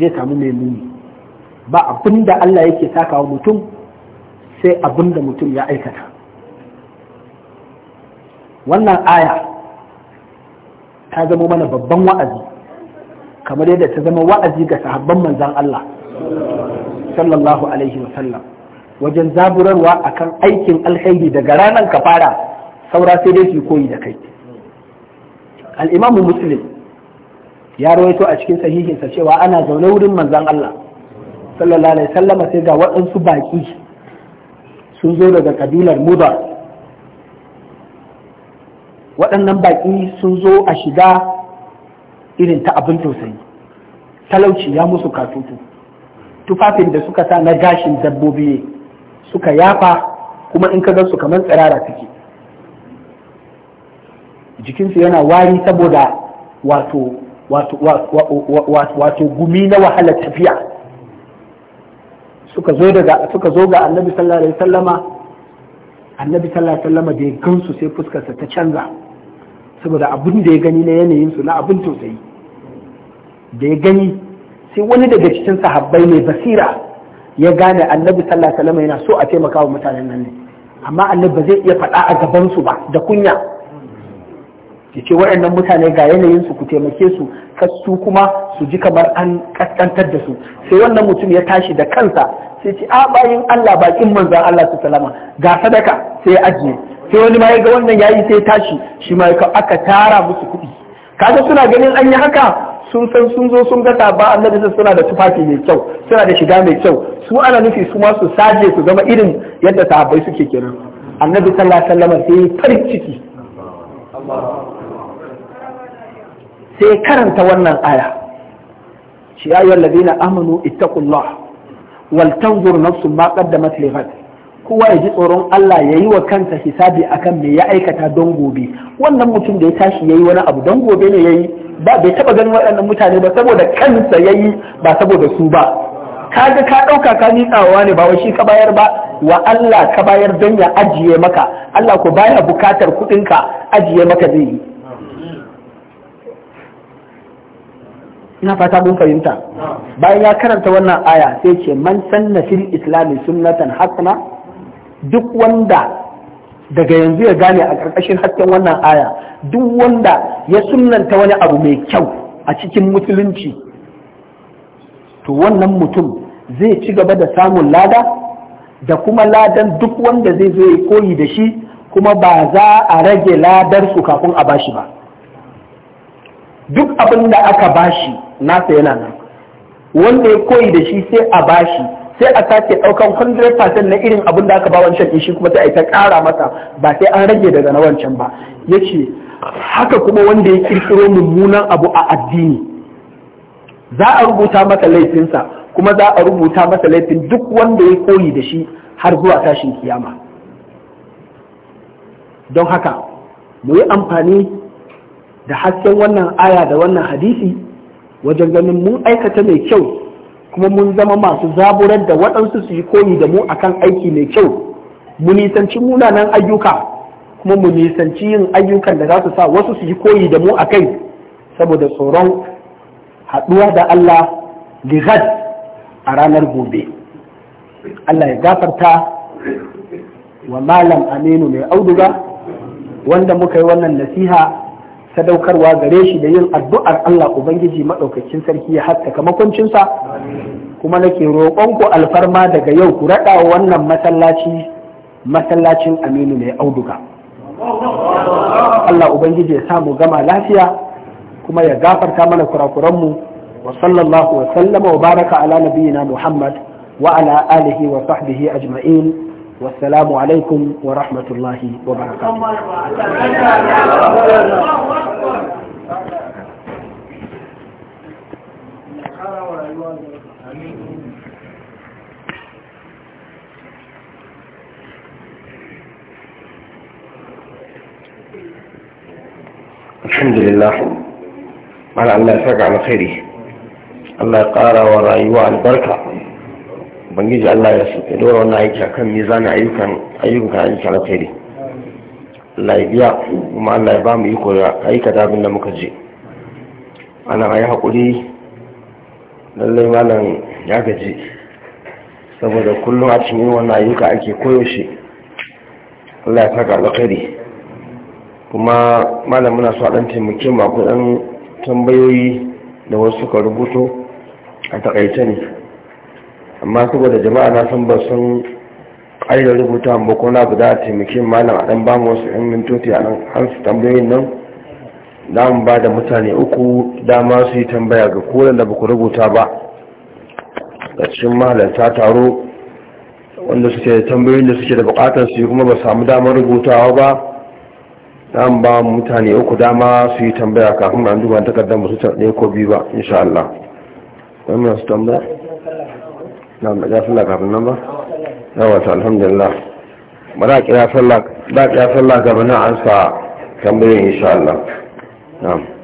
zai samu mai muni ba abin da Allah yake takawa mutum sai abin da mutum ya aikata wannan aya ta zama mana babban wa'azi kamar yadda ta zama wa'azi ga sahabban manzan Allah sallallahu alaihi wasallam wajen zaburarwa akan aikin alkhairi daga ranar ka fara saura sai dai su koyi da kai al muslim ya rawaito a cikin sahihinsa cewa ana zaune wurin manzon Allah sallallahu alaihi sallama sai ga waɗansu baƙi sun zo daga kabilar muda waɗannan baƙi sun zo a shiga irin ta abin tausayi talauci ya musu katutu tufafin da suka sa na gashin dabbobi suka yafa kuma in ka gansu kamar tsirara suke jikinsu yana wari saboda wato wato gumi na wahala tafiya suka zo daga suka zo ga annabi sallallahu alaihi wasallama annabi sallallahu alaihi wasallama da ya gansu sai fuskarsa ta canza saboda abin da ya gani na yanayin su na abin tausayi da ya gani sai wani daga cikin sahabbai mai basira ya gane annabi sallallahu alaihi wasallama yana so a taimaka wa mutanen nan ne amma annabi ba zai iya faɗa a gaban su ba da kunya ya ce waɗannan mutane ga yanayin su ku taimake su su kuma su ji kamar an kaskantar da su sai wannan mutum ya tashi da kansa sai ce a bayin Allah bakin manzan Allah su salama ga sadaka sai ya ajiye sai wani ma ya ga wannan yayi sai ya tashi shi ma aka tara musu kuɗi kaga suna ganin an yi haka sun san sun zo sun ga ba annabi sai suna da tufafi mai kyau suna da shiga mai kyau su ana nufi su ma su saje su zama irin yadda sahabbai suke kenan annabi sallallahu alaihi wasallam sai farin ciki sai karanta wannan aya shi ayyuhal ladina amanu ittaqullah wal tanzur nafsun ma qaddamat li kowa ya ji tsoron Allah ya yi wa kansa hisabi akan me ya aikata don gobe wannan mutum da ya tashi ya yi wani abu don gobe ne ya yi ba bai taba ganin waɗannan mutane ba saboda kansa ya yi ba saboda su ba kaga ka ɗauka ka miƙawa ne ba wai shi ka bayar ba wa Allah ka bayar don ya ajiye maka Allah ko baya buƙatar kuɗinka ajiye maka zai yi ina fata mun fahimta bayan ya karanta wannan aya sai ce man sanna fil islami sunnatan hasana duk wanda daga yanzu ya gane a ƙarƙashin hasken wannan aya duk wanda ya sunnanta wani abu mai kyau a cikin musulunci to wannan mutum zai ci gaba da samun lada da kuma ladan duk wanda zai zo ya koyi da shi kuma ba za a rage ladar su kafin a bashi ba duk abin da aka bashi nasa yana nan wanda ya koyi da shi sai a bashi sai a sake ɗaukan 100% na irin abin da aka ba wancan shi kuma sai a yi ta ƙara masa ba sai an rage daga na wancan ba ya ce haka kuma wanda ya kirkiro mummunan abu a addini za a rubuta masa laifinsa kuma za a rubuta masa laifin duk wanda ya koyi da shi har zuwa tashin kiyama don haka mu yi amfani da hasken wannan aya da wannan hadisi wajen ganin mun aikata mai kyau kuma mun zama masu zaburar da waɗansu su yi koyi da mu akan aiki mai kyau mu nisanci munanan ayyuka kuma mu nisanci yin ayyukan da za su sa wasu su yi koyi da mu a kai saboda tsoron haɗuwa da Allah ligad a ranar gobe Allah ya gafarta wa malam aminu mai auduga wanda muka yi wannan nasiha sadaukarwa gare shi da yin addu'ar Allah Ubangiji maɗaukakin sarki ya haskaka makuncinsa kuma nake roƙonku alfarma daga yau ku raɗa wannan masallaci masallacin aminu mai auduga Allah Ubangiji ya samu gama lafiya kuma ya gafarta mana kurakuranmu wa sallallahu wa sallama wa baraka ala nabiyina Muhammad wa ala alihi wa sahbihi ajma'in والسلام عليكم ورحمة الله وبركاته ala Allah ya saka alkhairi Allah ya ƙara wa rayuwa albarka ubangiji Allah ya suke dora wannan aiki akan mizanin ayyukan ayyukan ayyukan alkhairi Allah ya biya kuma Allah ya ba mu iko da aikata abin da muka je ana yi haƙuri lallai malam ya gaji saboda kullum a cikin wani ayyuka ake koyaushe Allah ya saka alkhairi kuma malam muna so a ɗan taimake mu akwai ɗan tambayoyi da wasu suka rubuto a takaice ne amma saboda jama'a na san ba sun ƙarfi rubuta ba ko na guda taimakin malam a ɗan bamu wasu 'yan mintoci a nan tambayoyin nan na mu ba da mutane uku dama su yi tambaya ga kowane da ba ku rubuta ba da cikin mahalarta taro wanda suke da tambayoyin da suke da bukatar su kuma ba samu damar rubutawa ba dan ba mutane uku dama su yi tambaya kafin an duba takardar musu ne ko biyu ba insha Allah wannan su tambaya na da sallah kafin nan ba yawa ta alhamdulillah ba kira sallah da kira sallah gabanin an sa tambayoyin insha Allah na'am